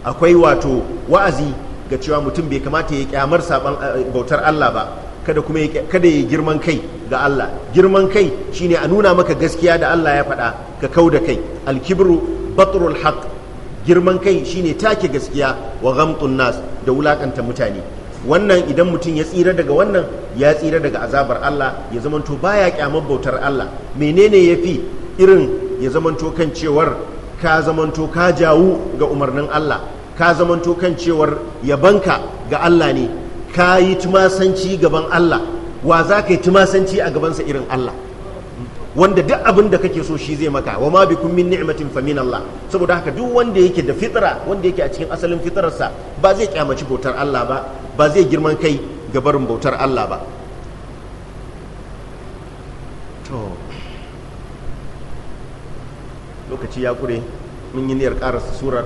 akwai wato wa'azi ga cewa mutum bai kamata ya kyamar saban eh, bautar Allah ba kada kuma kada ya girman kai ga Allah girman kai shine a nuna maka gaskiya da Allah ya faɗa ka kau da kai alkibru batrul haqq girman kai shine take gaskiya wa ghamtun nas da wulakanta mutane wannan idan mutum ya tsira daga wannan ya tsira daga azabar Allah ya zamanto baya kyamar bautar Allah menene yafi irin ya zamanto kan cewar ka zamanto ka jawo ga umarnin Allah ka zamanto kan cewar yabanka ga Allah ne ka yi tumasanci gaban Allah wa za ka yi tumasanci a gabansa irin Allah wanda duk abin da kake so shi zai maka wa ma bikum min ni'matin fa min Allah saboda haka duk wanda yake da fitra wanda yake a cikin asalin fitrarsa ba zai kyamaci bautar Allah ba ba zai girman kai ga barin bautar Allah ba to lokaci ya kure mun yi niyyar karasa surar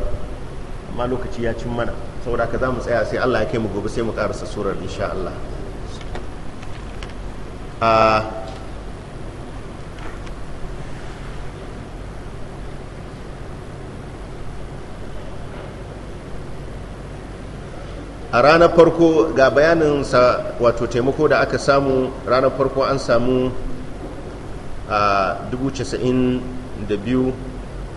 amma lokaci ya cin mana saboda ka za mu tsaya sai Allah ya kai mu gobe sai mu karasa surar insha Allah a ranar farko ga bayanin sa wato taimako da aka samu ranar farko an samu a 92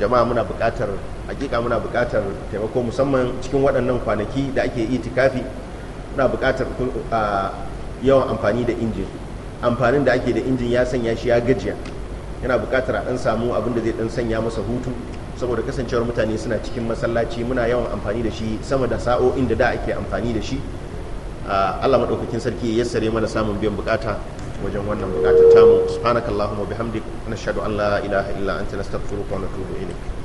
jama'a muna buƙatar hakika muna buƙatar taimako musamman cikin waɗannan kwanaki da ake itikafi muna buƙatar yawan amfani da injin amfanin da ake da injin ya sanya shi ya gajiya yana buƙatar a ɗan samu abin da zai ɗan sanya masa hutu saboda kasancewar mutane suna cikin masallaci muna yawan amfani da shi sama da sa'o'in da da ake amfani da shi Allah maɗaukakin sarki ya yassare mana samun biyan buƙata wajen wannan bukatar tamu subhanakallahumma bihamdik nashhadu an la ilaha illa anta nastaghfiruka wa natubu ilayk